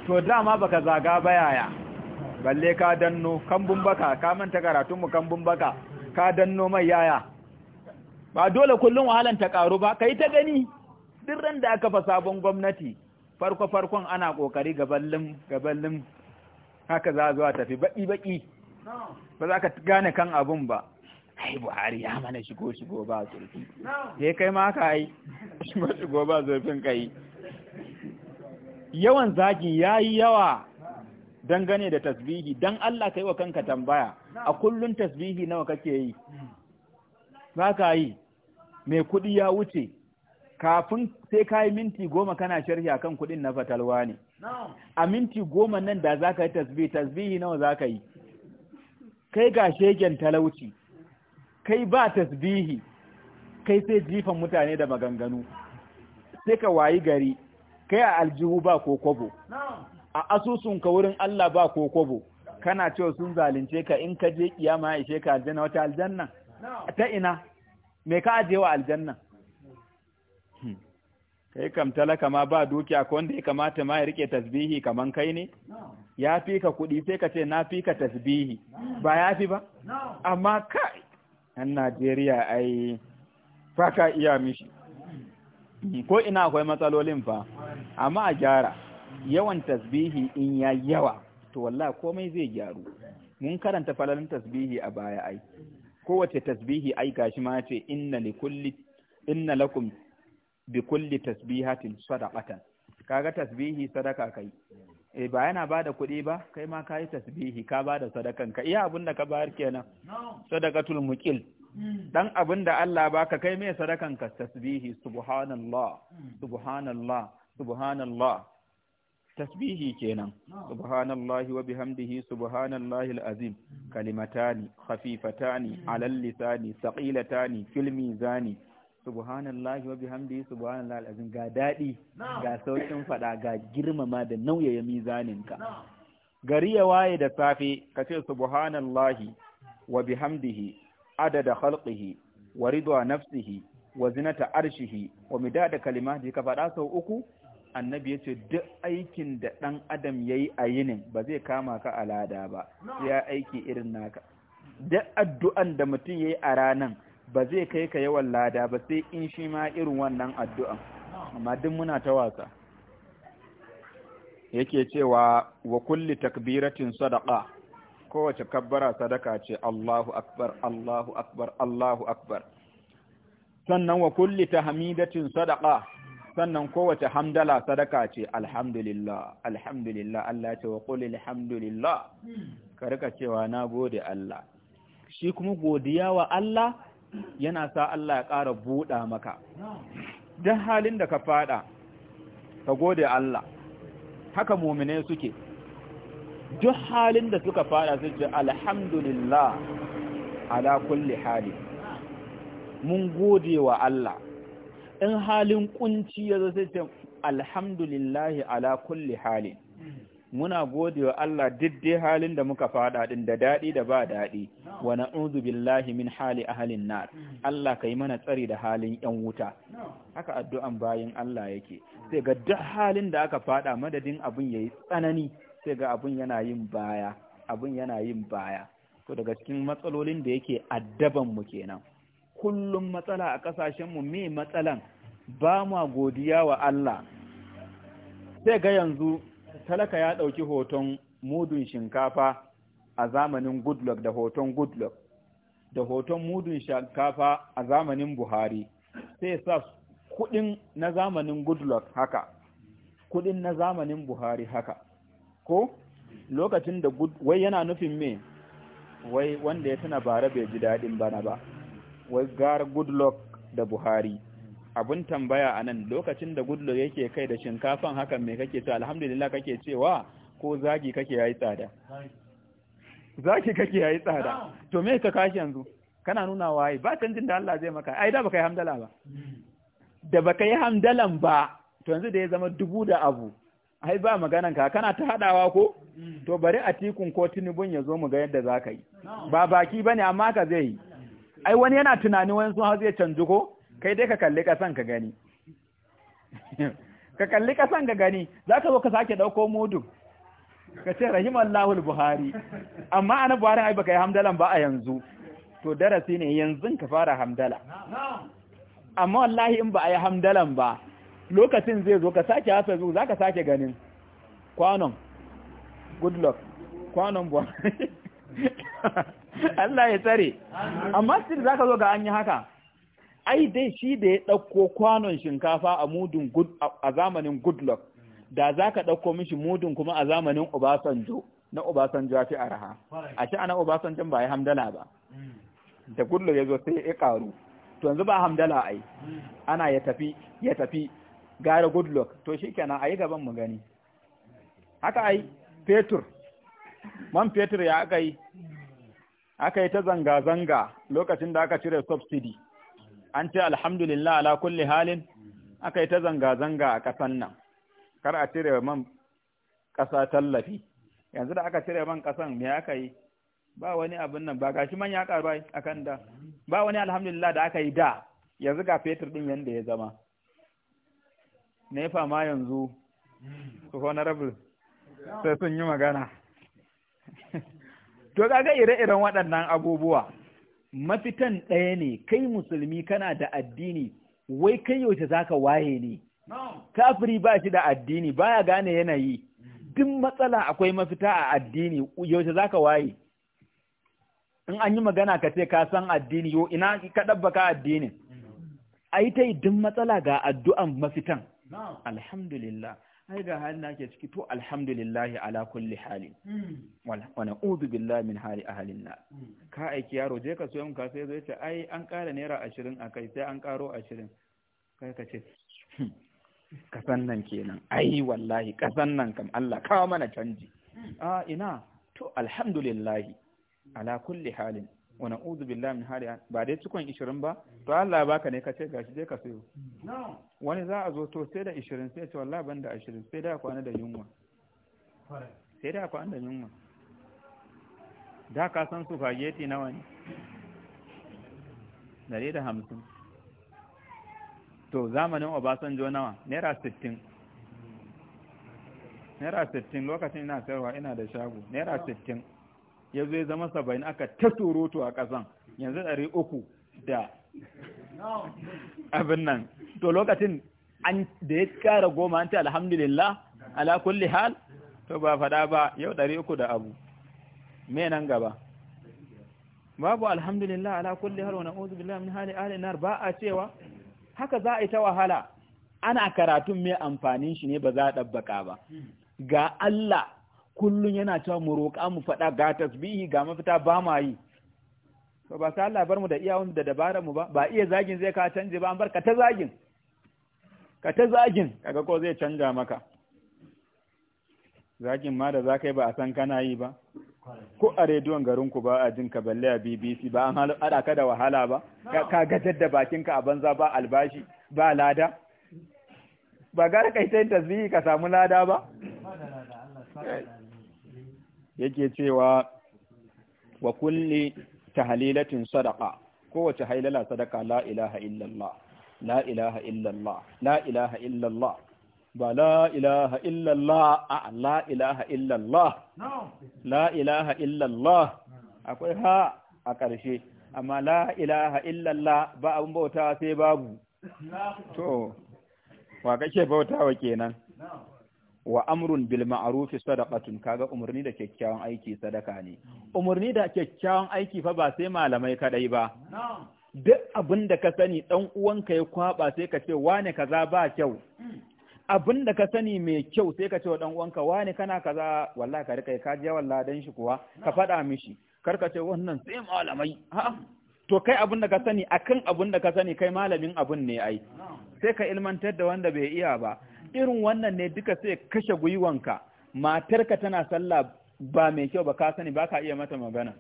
to dama baka zaga bayaya balle ka danno kambun baka ka manta karatun mu kambun baka ka danno mai yaya ba dole kullun wahalan ta karu ba kai ta gani duk ran da aka fa sabon gwamnati farko farkon ana kokari gaballin gaballin haka za zuwa tafi baki baki ba za ka gane kan abun ba ai buhari ya mana shigo shigo ba zurfi sai kai ma ka yi. shigo shigo ba zurfin kai yawan zagi yi yawa don dangane da tasbihi don Allah ka yi wa kanka tambaya a kullum tasbihi nawa kake yi ba ka yi mai kuɗi ya wuce kafin sai ka yi minti goma kana sharhi kan kuɗin na fatalwa ne a minti goma nan da za ka yi tasbihi tasbihi nawa za ka yi kai ga shegen talauci kai ba tasbihi kai sai jifan mutane da maganganu sai ka wayi gari kai a aljihu ba ko kwabo a ka wurin Allah ba ko kwabo kana cewa sun zalunce ka in ka je kiyama ya ishe ka aljanna wata aljanna ta ina me ka ajiye wa aljanna sai kam talaka ma ba dukiya ko wanda ya kamata ma ya rike tasbihi kaman kai ne ya fi ka kuɗi sai ka ce na fi ka tasbihi ba ya fi ba amma kai yan Najeriya ai fa ka iya mishi ko ina akwai matsalolin fa amma a gyara yawan tasbihi in ya yawa to wallahi komai zai gyaru mun karanta falalin tasbihi a baya ai kowace tasbihi ai gashi ma ce inna likulli inna lakum bi kulli tasbihatin sadaqatan kaga tasbihi sadaka kai e ba yana bada kuɗi ba kai ma kai tasbihi ka bada sadakan ka iya abinda ka bayar kenan sadaqatul muqil dan abinda Allah baka kai mai sadakan ka tasbihi subhanallah subhanallah subhanallah tasbihi kenan subhanallahi wa bihamdihi subhanallahi alazim kalimatani khafifatani alal lisani saqilatani fil mizani subhanallahi wa bihamdihi subhanallahi alazim ga dadi ga saukin fada ga girmama da mizanin ka gari ya waye da safe kace subhanallahi wa bihamdihi adada khalqihi wa ridwa nafsihi wa zinata arshihi wa midada kalimati ka fada sau uku annabi yace duk aikin da ɗan adam yayi a yinin ba zai kama ka alada ba ya aiki irin naka duk addu'an da mutum yayi a ranan ba zai kai ka yawan lada ba sai in shi ma irin wannan addu'an amma duk muna ta wasa yake cewa wa kulli takbiratin sadaka, kowace kabbara sadaka ce Allahu akbar Allahu akbar Allahu akbar sannan wa kulli tahmidatin sadaka sannan kowace hamdala sadaka ce alhamdulillah alhamdulillah Allah ce wa qul alhamdulillah ka rika cewa na gode Allah shi kuma godiya wa Allah yana sa Allah ya ƙara buɗa maka don halin da ka fada ka gode Allah haka mumine suke duk halin da suka fada su ce alhamdulillah ala kulli hali mun gode wa Allah in halin kunci ya zo sai ce alhamdulillah ala kulli hali muna gode wa Allah diddai halin da muka fada din da daɗi da ba daɗi wa na'udhu billahi min hali ahlin nar Allah kai mana tsari da halin yan wuta haka addu'an bayin Allah yake sai ga duk halin da aka fada madadin abun yayi tsanani sai ga abun yana yin baya abun yana yin baya to daga cikin matsalolin da yake addaban mu kenan kullum matsala a kasashen mu me matsalan ba ma godiya wa Allah sai ga yanzu talaka ya ɗauki hoton mudun shinkafa a zamanin goodluck da hoton goodluck da hoton mudun shinkafa a zamanin buhari sai sa kudin na zamanin goodluck haka kudin na zamanin buhari haka ko lokacin da wai yana nufin me wai wanda ya tana bara bai ji daɗin bana ba wai gara goodluck da buhari abun tambaya a nan lokacin da gudu yake kai da shinkafan hakan me kake ta, alhamdulillah kake cewa ko zagi kake yi tsada zagi kake yi tsada to me ka kashi yanzu kana nuna waye ba canjin da Allah zai maka ai da baka yi hamdala ba da baka yi hamdalan ba to yanzu da ya zama dubu da abu ai ba maganan ka kana ta hadawa ko to bari a tikun ko tinubun ya zo mu ga yadda zaka yi ba baki bane amma ka zai yi ai wani yana tunani wani sun hau zai canji ko kai dai ka kalli kasan ka gani ka kalli kasan ka gani za ka zo ka sake ɗauko mudu ka ce rahimallahu buhari amma ana buhari ai baka yi hamdalan ba a yanzu to darasi ne yanzu ka fara hamdala amma wallahi in ba a yi hamdalan ba lokacin zai zo ka sake hasa zuwa za ka sake ganin kwanon good luck kwanon buhari <laughs> Allah ya tsare amma still za ka zo ga an yi haka ai dai shi da ya ɗauko kwanon shinkafa a mudun a zamanin goodluck da za ka ɗauko mishi mudun kuma a zamanin obasanjo na obasanjo ya fi araha a shi ana obasanjo ba ya hamdala ba mm. da goodluck ya zo sai ya ƙaru to yanzu ba hamdala ai mm. ana ya tafi ya tafi gara goodluck to shi kenan a yi gaban mu gani haka ai fetur man fetur ya aka yi mm. aka yi ta zanga-zanga lokacin da aka cire subsidy an ce alhamdulillah ala kulli halin aka yi ta zanga-zanga a ƙasan nan kar a cire man ƙasa tallafi yanzu da aka cire man ƙasan me aka yi ba wani abin nan ba gashi man ya ƙaru a kan da ba wani alhamdulillah da aka yi da yanzu ga fetur ɗin yadda ya zama nefa ma yanzu su honorable sai sun yi magana <laughs> to kaga ire-iren waɗannan abubuwa mafitan ɗaya ne kai musulmi kana da addini wai kai yaushe ka waye ne kafiri ba shi da addini baya gane yanayi duk matsala akwai mafita a addini yaushe ka waye in an yi magana ka ce ka san addini yo ina ka ka addinin mm. yi ta yi duk matsala ga addu'an mafitan alhamdulillah ai ga halin da ake ciki to alhamdulillahi ala kulli halin hmm. wa udu billahi min hali halin na. Hmm. ka aiki yaro je ka so yanka sai zai ce ai an kara naira a kai sai an karo ashirin kai ka ce kasan hmm, nan kenan ai wallahi kasan nan kam Allah kawo mana canji a ah, ina to alhamdulillahi ala kulli halin wa uzu billahi min hali ba dai cikon 20 ba to Allah ba ka ne ka ce gashi je ka sayo wani za a zo to sai da 20 sai ce wallahi ban da 20 sai da kwana da yunwa sai da kwana da yunwa da ka san su fageti nawa ne dare da hamsin to zamanin Obasanjo nawa naira 60 naira 60 lokacin ina sayarwa ina da shago naira 60 ya zai ya zama saba'in aka ta surutu a ƙasan yanzu ɗari uku da abin nan to lokacin da ya ƙara goma an ce alhamdulillah ala kulli hal to ba faɗa ba yau ɗari uku da abu me nan gaba babu alhamdulillah ala kulli hal wa na'udhu billahi min hali ahli nar ba a cewa haka za a yi ta wahala ana karatun mai amfanin shi ne ba za a ɗabbaka ba ga Allah Kullum yana cewa mu roƙa mu faɗa ga tasbihi ga mafita ba ma yi to ba sa Allah bar mu da iyawun da dabara mu ba ba iya zagin zai ka canje ba an bar ka ta zagin ka ta zagin kaga ko zai canja maka zagin ma da zakai ba a san kana yi ba ko a rediyon garin ku ba a jin ka balle a BBC ba an hada ka da wahala ba ka ga da bakin ka a banza ba albashi ba lada ba gara kai ta tasbihi ka samu lada ba yake cewa wa kulli tahlilatin sadaqa kowace hailala sadaka la ilaha illallah la ilaha illallah la ilaha illallah ba la ilaha illallah a la ilaha illallah la ilaha illallah akwai ha a ƙarshe amma la ilaha illallah ba abin bauta sai babu to wa kake bautawa kenan wa amrun bil ma'ruf sadaqatun kaga umarni da kyakkyawan aiki sadaka ne umarni da kyakkyawan aiki fa ba sai malamai kadai ba duk abin da ka sani dan uwanka ya kwaba sai ka ce wane kaza ba kyau abin da ka sani mai kyau sai ka ce wa dan uwanka wane kana kaza wallahi ka rika ka je wallahi dan shi kuwa ka faɗa mishi kar ka ce wannan sai malamai ha to kai abin da ka sani akan abin da ka sani kai malamin abin ne ai sai ka ilmantar da wanda bai iya ba irin wannan ne duka sai kashe gwiwanka matarka tana sallah ba mai kyau ba ka sani ba ka iya mata magana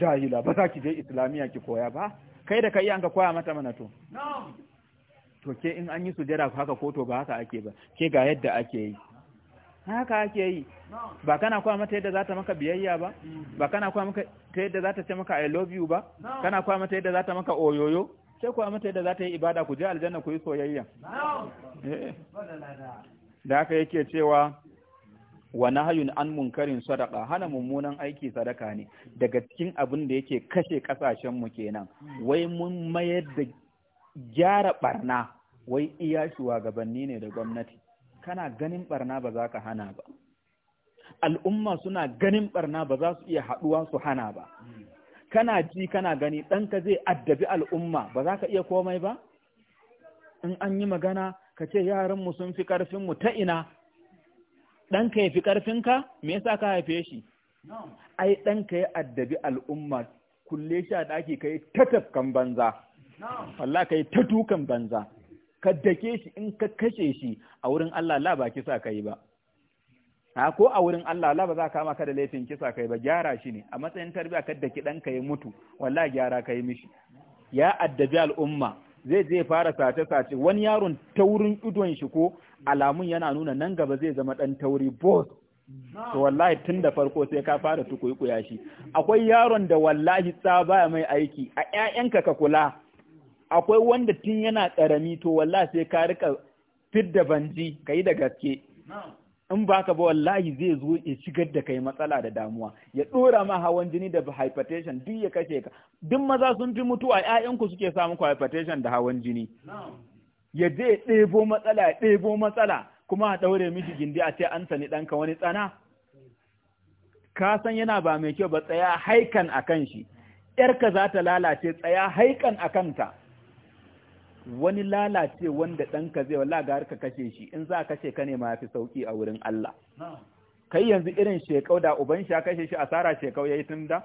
jahila ba za ki je islamiyya ki koya ba kai da iya an ka koya mata mana to to ke in an yi sujada haka ko to ba haka ake ba ke ga yadda ake yi haka ake yi ba kana koya mata yadda za ta maka biyayya ba ba kana koya mata yadda za ta ce maka i love you ba kana koya mata yadda za ta maka oyoyo sai kuwa mata yadda za ta yi ibada ku je aljanna ku yi soyayya eh. da haka yake cewa wa nahyun an munkarin sadaka hana mummunan aiki sadaka ne daga cikin abin da yake kashe kasashen mu kenan wai mun mayar da gyara barna wai iya gabanni ne da gwamnati kana ganin barna ba za ka hana ba al'umma suna ganin barna ba za su iya haɗuwa su hana ba kana ji kana gani ɗanka zai addabi al'umma ba za ka iya komai ba in an yi magana ka ce yaranmu sun fi ƙarfinmu ta ina ɗanka ya fi ƙarfinka me yasa ka haife shi ai ɗanka ya addabi al'umma kulle shi a ɗaki ka yi ta tafkan banza Allah ka yi ta tukan banza ka dake shi in ka kashe shi a wurin Allah la ba sa ka yi ba a ko a wurin Allah Allah ba za ka maka da laifin kisa kai ba gyara shi ne a matsayin tarbiya kar da kidan ka yi mutu wallahi gyara kai mishi ya addabi al'umma zai je fara sace sace wani yaron taurin idon shi ko alamun yana nuna nan gaba zai zama dan tauri boss to wallahi tun da farko sai ka fara tukuyi shi akwai yaron da wallahi tsaba mai aiki a ƴaƴanka ka kula akwai wanda tun yana karami to wallahi sai ka rika fidda banji kai da gaske in ba ka ba wallahi zai zo ya shigar da kai matsala da damuwa ya dora ma hawan jini da hypertension duk ya kashe ka duk maza sun fi mutuwa ƴaƴanku suke samun hypertension da hawan jini ya je ya ɗebo matsala ya ɗebo matsala kuma a ɗaure miji gindi a ce an sani ɗanka wani tsana ka san yana ba mai kyau ba tsaya haikan a kan shi ‘yarka za ta lalace tsaya haikan a kanta wani lalace wanda ɗanka zai wala ga harka kashe shi in za a kashe ka ne ma fi sauki a wurin Allah kai yanzu irin shekau da uban shi ya kashe shi asara shekau yayi tun da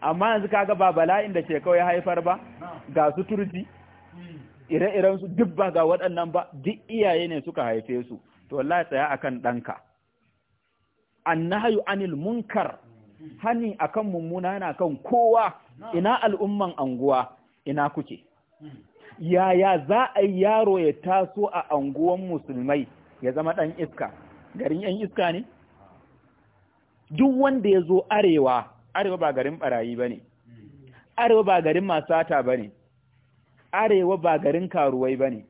amma yanzu kaga ba bala'in da shekau ya haifar ba ga su turji hmm. ire-iren su duk ba ga waɗannan ba duk iyaye ne suka haife su to wallahi tsaya akan ɗanka annahyu anil munkar hmm. hani akan mummuna na kan kowa ina al'umman anguwa ina kuke hmm. yaya za a yi yaro ya taso a anguwan musulmai ya zama ɗan iska garin ‘yan iska ne? duk wanda ya zo arewa arewa ba garin barayi ba ne arewa ba garin masata ba ne arewa ba garin karuwai ba ne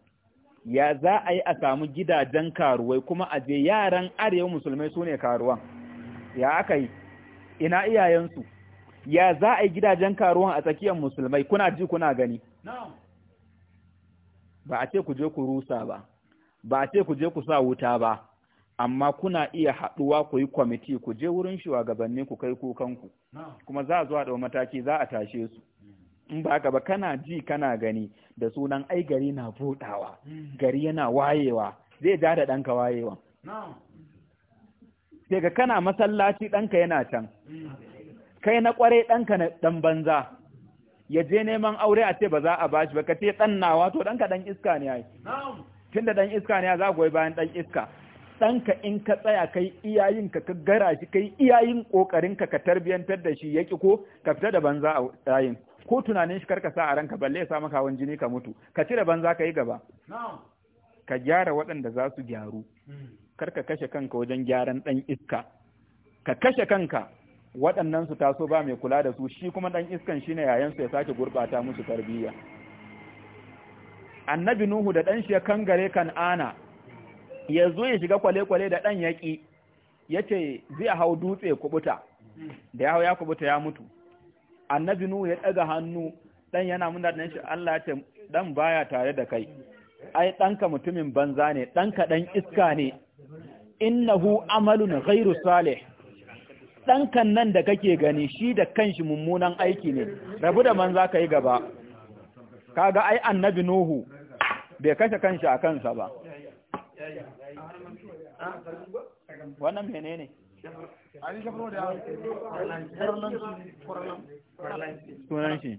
ya za a yi a samu gidajen karuwai kuma a je yaran arewa musulmai su ne karuwan ya aka yi ina iyayensu ya za a yi gidajen karuwan a tsakiyar musulmai kuna ji kuna gani ba a ce ku je ku rusa ba ba a ce ku je ku sa wuta ba amma kuna iya haɗuwa ku yi kwamiti ku je wurin shugabanni ku kai kukanku kuma za a zuwa da mataki za a tashe su hmm. in ba haka ba kana ji kana gani da sunan ai gari na buɗawa hmm. gari yana wayewa zai ja da ɗanka wayewa sai ga kana masallaci ɗanka yana can hmm. kai na ƙwarai ɗanka na ɗan banza ya je neman aure a ce ba za a bashi ba ka ce tsannawa to ɗanka ɗan iska ne yayi tun da ɗan iska ne za goyi bayan ɗan iska ɗanka in ka tsaya kai iyayin ka ka gara shi kai iyayin ƙoƙarin ka ka tarbiyantar da shi ya ƙi ko ka fita da banza a tsayin ko tunanin shi karka sa a ranka balle ya sa maka hawan jini ka mutu ka cire banza ka yi gaba ka gyara waɗanda za su gyaru hmm. kar ka kashe kanka wajen gyaran ɗan iska ka kashe kanka waɗannan su taso ba mai kula da su shi kuma ɗan iskan shine ne su ya sake gurɓata musu tarbiyya annabi nuhu da ɗan shi ya kangare ana ya zo ya shiga kwale-kwale da ɗan yaƙi ya ce zai hau dutse kubuta da ya hau ya kubuta ya mutu annabi nuhu ya ɗaga hannu ɗan yana muna da shi Allah ya ce ɗan baya tare da kai ai ɗanka mutumin banza ne ɗanka ɗan iska ne innahu amalun ghairu salih ɗankan nan da kake gani shi da kanshi mummunan aiki ne rabu da man za ka yi gaba kaga ai annabi nuhu bai kashe kanshi a kansa ba wannan ne? sunan shi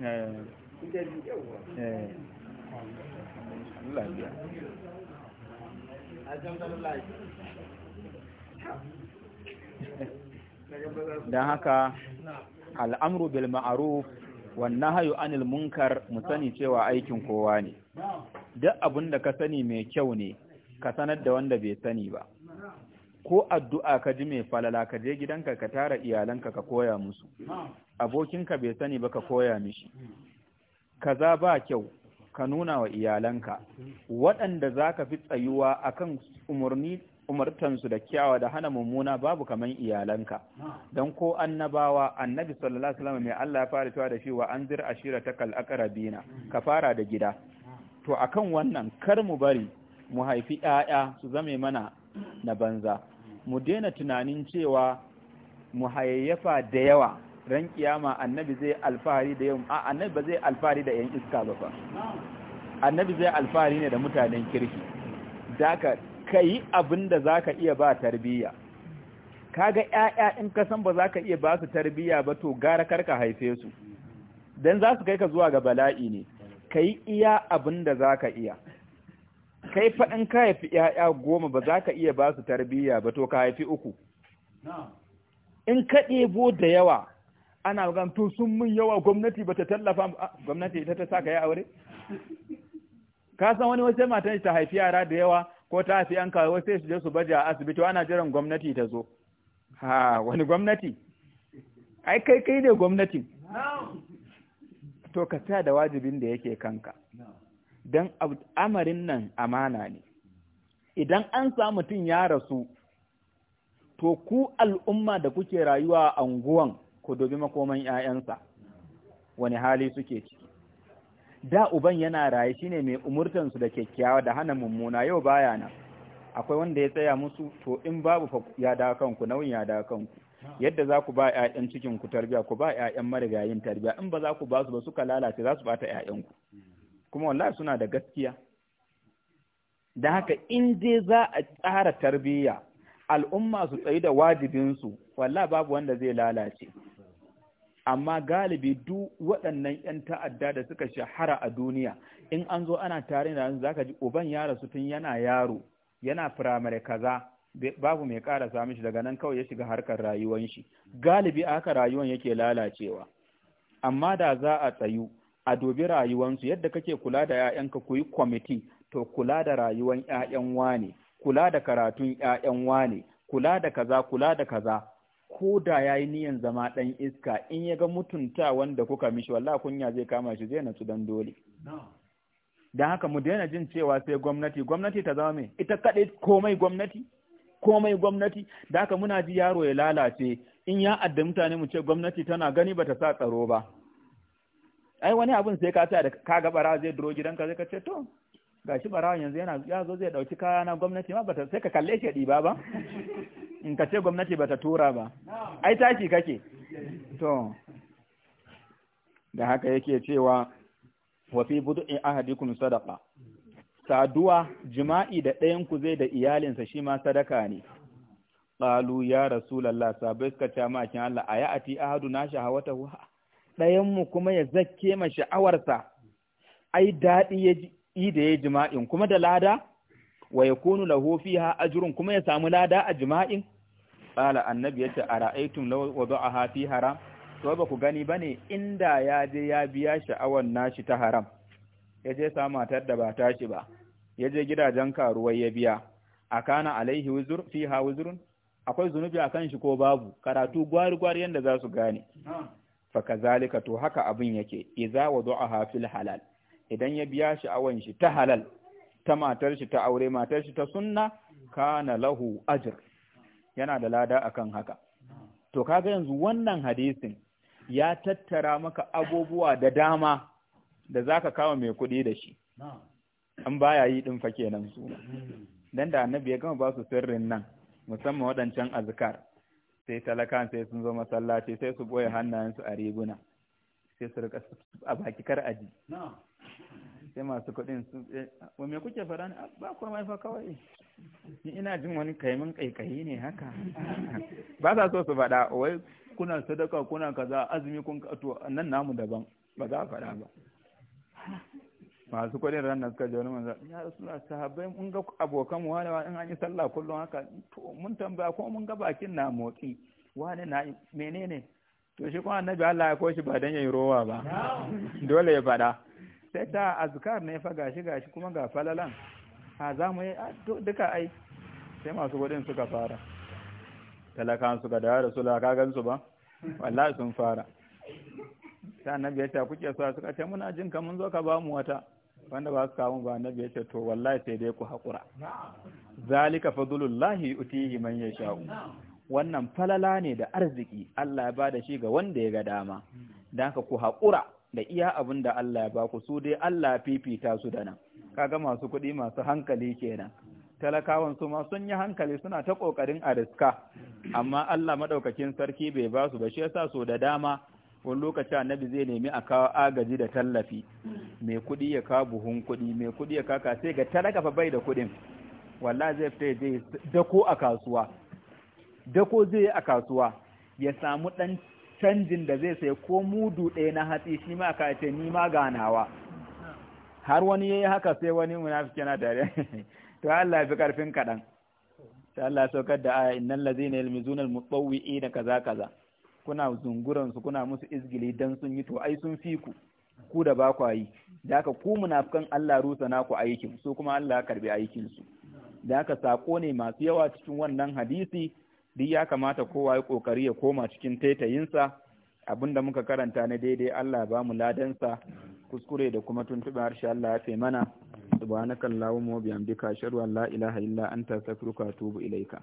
Yeah, yeah, yeah. don haka al'amru bil ma'aruf wannan hayo anil munkar mu sani cewa aikin kowa ne duk abin da ka sani mai kyau ne ka sanar da wanda bai sani ba ko addu'a ka ji mai falala ka je gidanka ka tara iyalanka ka koya musu abokinka bai sani ba ka koya mishi kaza ba kyau ka nuna wa iyalanka waɗanda za ka fi tsayuwa akan umarni umartansu da kyawa da hana mummuna babu kaman iyalanka don ko annabawa annabi sallallahu alaihi mai Allah ya fara cewa da shi wa ta ashiratakal aqrabina ka fara da gida to akan wannan kar mu bari mu haifi ƴaƴa su zame mana na banza mu daina tunanin cewa mu hayayyafa da yawa ran kiyama annabi zai alfahari da yau annabi ba zai alfahari da yan iska ba fa annabi zai alfahari ne da mutanen kirki ka kai abin da zaka iya ba tarbiyya kaga 'ya'ya in ka san ba zaka iya ba su tarbiyya ba to gara karka haife su dan za su kai ka zuwa ga bala'i ne kai iya abin da zaka iya kai fa ka haifi 'ya'ya goma ba ka iya ba su tarbiyya ba to ka haifi uku in ka ɗebo da yawa ana magan to sun mun yawa gwamnati bata tallafa gwamnati ita ta saka ya aure ka san wani wace matan ta haifi yara da yawa ko ta haifi an kawo sai su je su baje a asibiti ana jiran gwamnati ta zo ha wani gwamnati ai kai kai ne gwamnati to ka tsaya da wajibin da yake kanka dan amarin nan amana ne idan an samu mutum ya rasu to ku al'umma da kuke rayuwa a anguwan ku dubi makoman ‘ya'yansa wani hali suke ciki da uban yana raye shine mai umurtansu da kyakkyawa da hana mummuna yau baya nan akwai wanda ya tsaya musu to in babu ya da kanku nauyin ya da kanku yadda za ku ba ‘ya'yan cikin ku tarbiya ku ba ‘ya'yan marigayin tarbiya in ba za ku ba su ba suka lalace za su bata ‘ya'yanku kuma wallahi suna da gaskiya da haka in dai za a tsara tarbiyya al'umma su tsayi da wajibinsu wallahi babu wanda zai lalace amma galibi duk waɗannan 'yan ta'adda da suka shahara a duniya in an zo ana tare da za ka ji uban ya rasu tun yana yaro yana firamare kaza babu mai ƙara samun shi daga nan kawai ya shiga harkar rayuwan shi galibi a haka rayuwan yake lalacewa amma da za a tsayu a dubi rayuwansu yadda kake kula da 'ya'yanka ku yi kwamiti to kula da rayuwan 'ya'yan wane kula da karatun 'ya'yan wane kula da kaza kula da kaza ko da ya yi niyan zama ɗan iska in ya ga mutunta wanda kuka mishi wallah kunya zai kama shi zai natsu dan dole da haka mu daina jin cewa sai gwamnati gwamnati ta zama mai ita kaɗai komai gwamnati komai gwamnati da haka muna ji yaro ya lalace in ya adda mutane mu ce gwamnati tana gani bata sa tsaro ba ai wani abin sai ka da ka ga bara zai duro gidanka zai ka ce to gashi barawa yanzu yana ya zo zai dauki kaya na gwamnati ma bata sai ka kalle shi ba ba in ka ce gwamnati ba ta tura ba ai taki kake to da haka yake cewa wafi fi bud'i ahadikum sadaka saduwa jima'i da ɗayan ku zai da iyalinsa shi ma sadaka ne ƙalu ya rasulullah sabai suka ce ma kin Allah aya ati hawa ta ɗayan Ɗayanmu kuma ya zakke ma sha'awarsa ai daɗi ya yi da ya jima'in kuma da lada wa yakunu lahu fiha ajrun kuma ya samu lada a jima'in qala annabi yace ra'aytum law wada'aha fi haram to ba ku gani bane inda ya je ya biya sha'awan nashi ta haram ya je sa matar da ba tashi ba ya je gidajen karuwai ya biya akana alaihi wuzur fiha wuzrun akwai zunubi akan shi ko babu karatu gwari gwari yanda za su gane fa kazalika to haka abin yake idza wada'aha fil halal idan ya biya sha'awan shi ta halal ta matar shi ta aure matar shi ta sunna kana lahu ajr yana da lada akan haka to kaga yanzu wannan hadisin ya tattara maka abubuwa da dama da zaka kawo mai kuɗi da shi an baya yi din fa kenan su hmm. dan da annabi ya gama ba su sirrin nan musamman waɗancan azkar sai talakan sai sun zo masallaci sai su boye hannayensu a riguna sai su rika a baki kar aji sai masu kuɗin su eh, wa me kuke fara ne ba mai fa kawai ni ina jin wani kaimin kaikayi ne haka <laughs> ba sa so su faɗa wai kuna sadaka kuna kaza azumi kun to nan namu daban ba za a faɗa ba masu kuɗin ran suka ji wani manzo ya rasulullah sahabbai mun ga abokan mu wani in an yi sallah kullum haka to mun tambaya ko mun ga bakin na motsi wani na menene to shi kuma annabi Allah ya koshi ba dan yayi rowa ba dole ya faɗa sai ta azkar ne fa gashi gashi kuma ga falalan a za mu yi duka ai sai masu gudun suka fara talakan ga da da su lakagan su ba wallahi sun fara ta annabi ya ce kuke so suka ce muna jin kamun zo ka ba mu wata wanda ba su kawo ba annabi ya ce to wallahi sai dai ku haƙura zalika fadlullahi utihi man yasha wannan falala ne da arziki Allah ya bada shi ga wanda ya ga dama dan ka ku haƙura da iya abin da Allah ya baku su dai Allah fifita su da nan kaga masu kuɗi masu hankali kenan talakawan su ma sun yi hankali suna ta kokarin a riska amma Allah madaukakin sarki bai ba su ba shi yasa so da dama wani lokaci annabi zai nemi a kawo agaji da tallafi mai kuɗi ya ka buhun kuɗi mai kuɗi ya kaka sai ga talaka fa bai da kuɗin wallahi zai fita zai dako a kasuwa dako zai a kasuwa ya samu ɗan canjin da zai sai ko mudu ɗaya na hatsi shi ma ka ce ni ma ganawa har wani yayi haka sai wani munafiki na tare <laughs> to Allah ya fi karfin kaɗan sai Allah ya saukar da aya innal ladzina yalmizuna almutawwi'ina kaza kaza kuna zunguran su kuna musu izgili dan sun yi to ai sun fi ku ku da ba ku yi da haka ku munafikan Allah rusa na ku aikin su kuma Allah ya karbi aikin su da haka sako ne masu yawa cikin wannan hadisi duk ya kamata kowa ya kokari ya koma cikin taitayinsa abin da muka karanta na daidai Allah ba mu ladansa kuskure da kuma tuntuɓe harshe Allah ya fi mana subhanakallahumma wa bihamdika ashhadu an la ilaha illa anta astaghfiruka wa atubu ilaika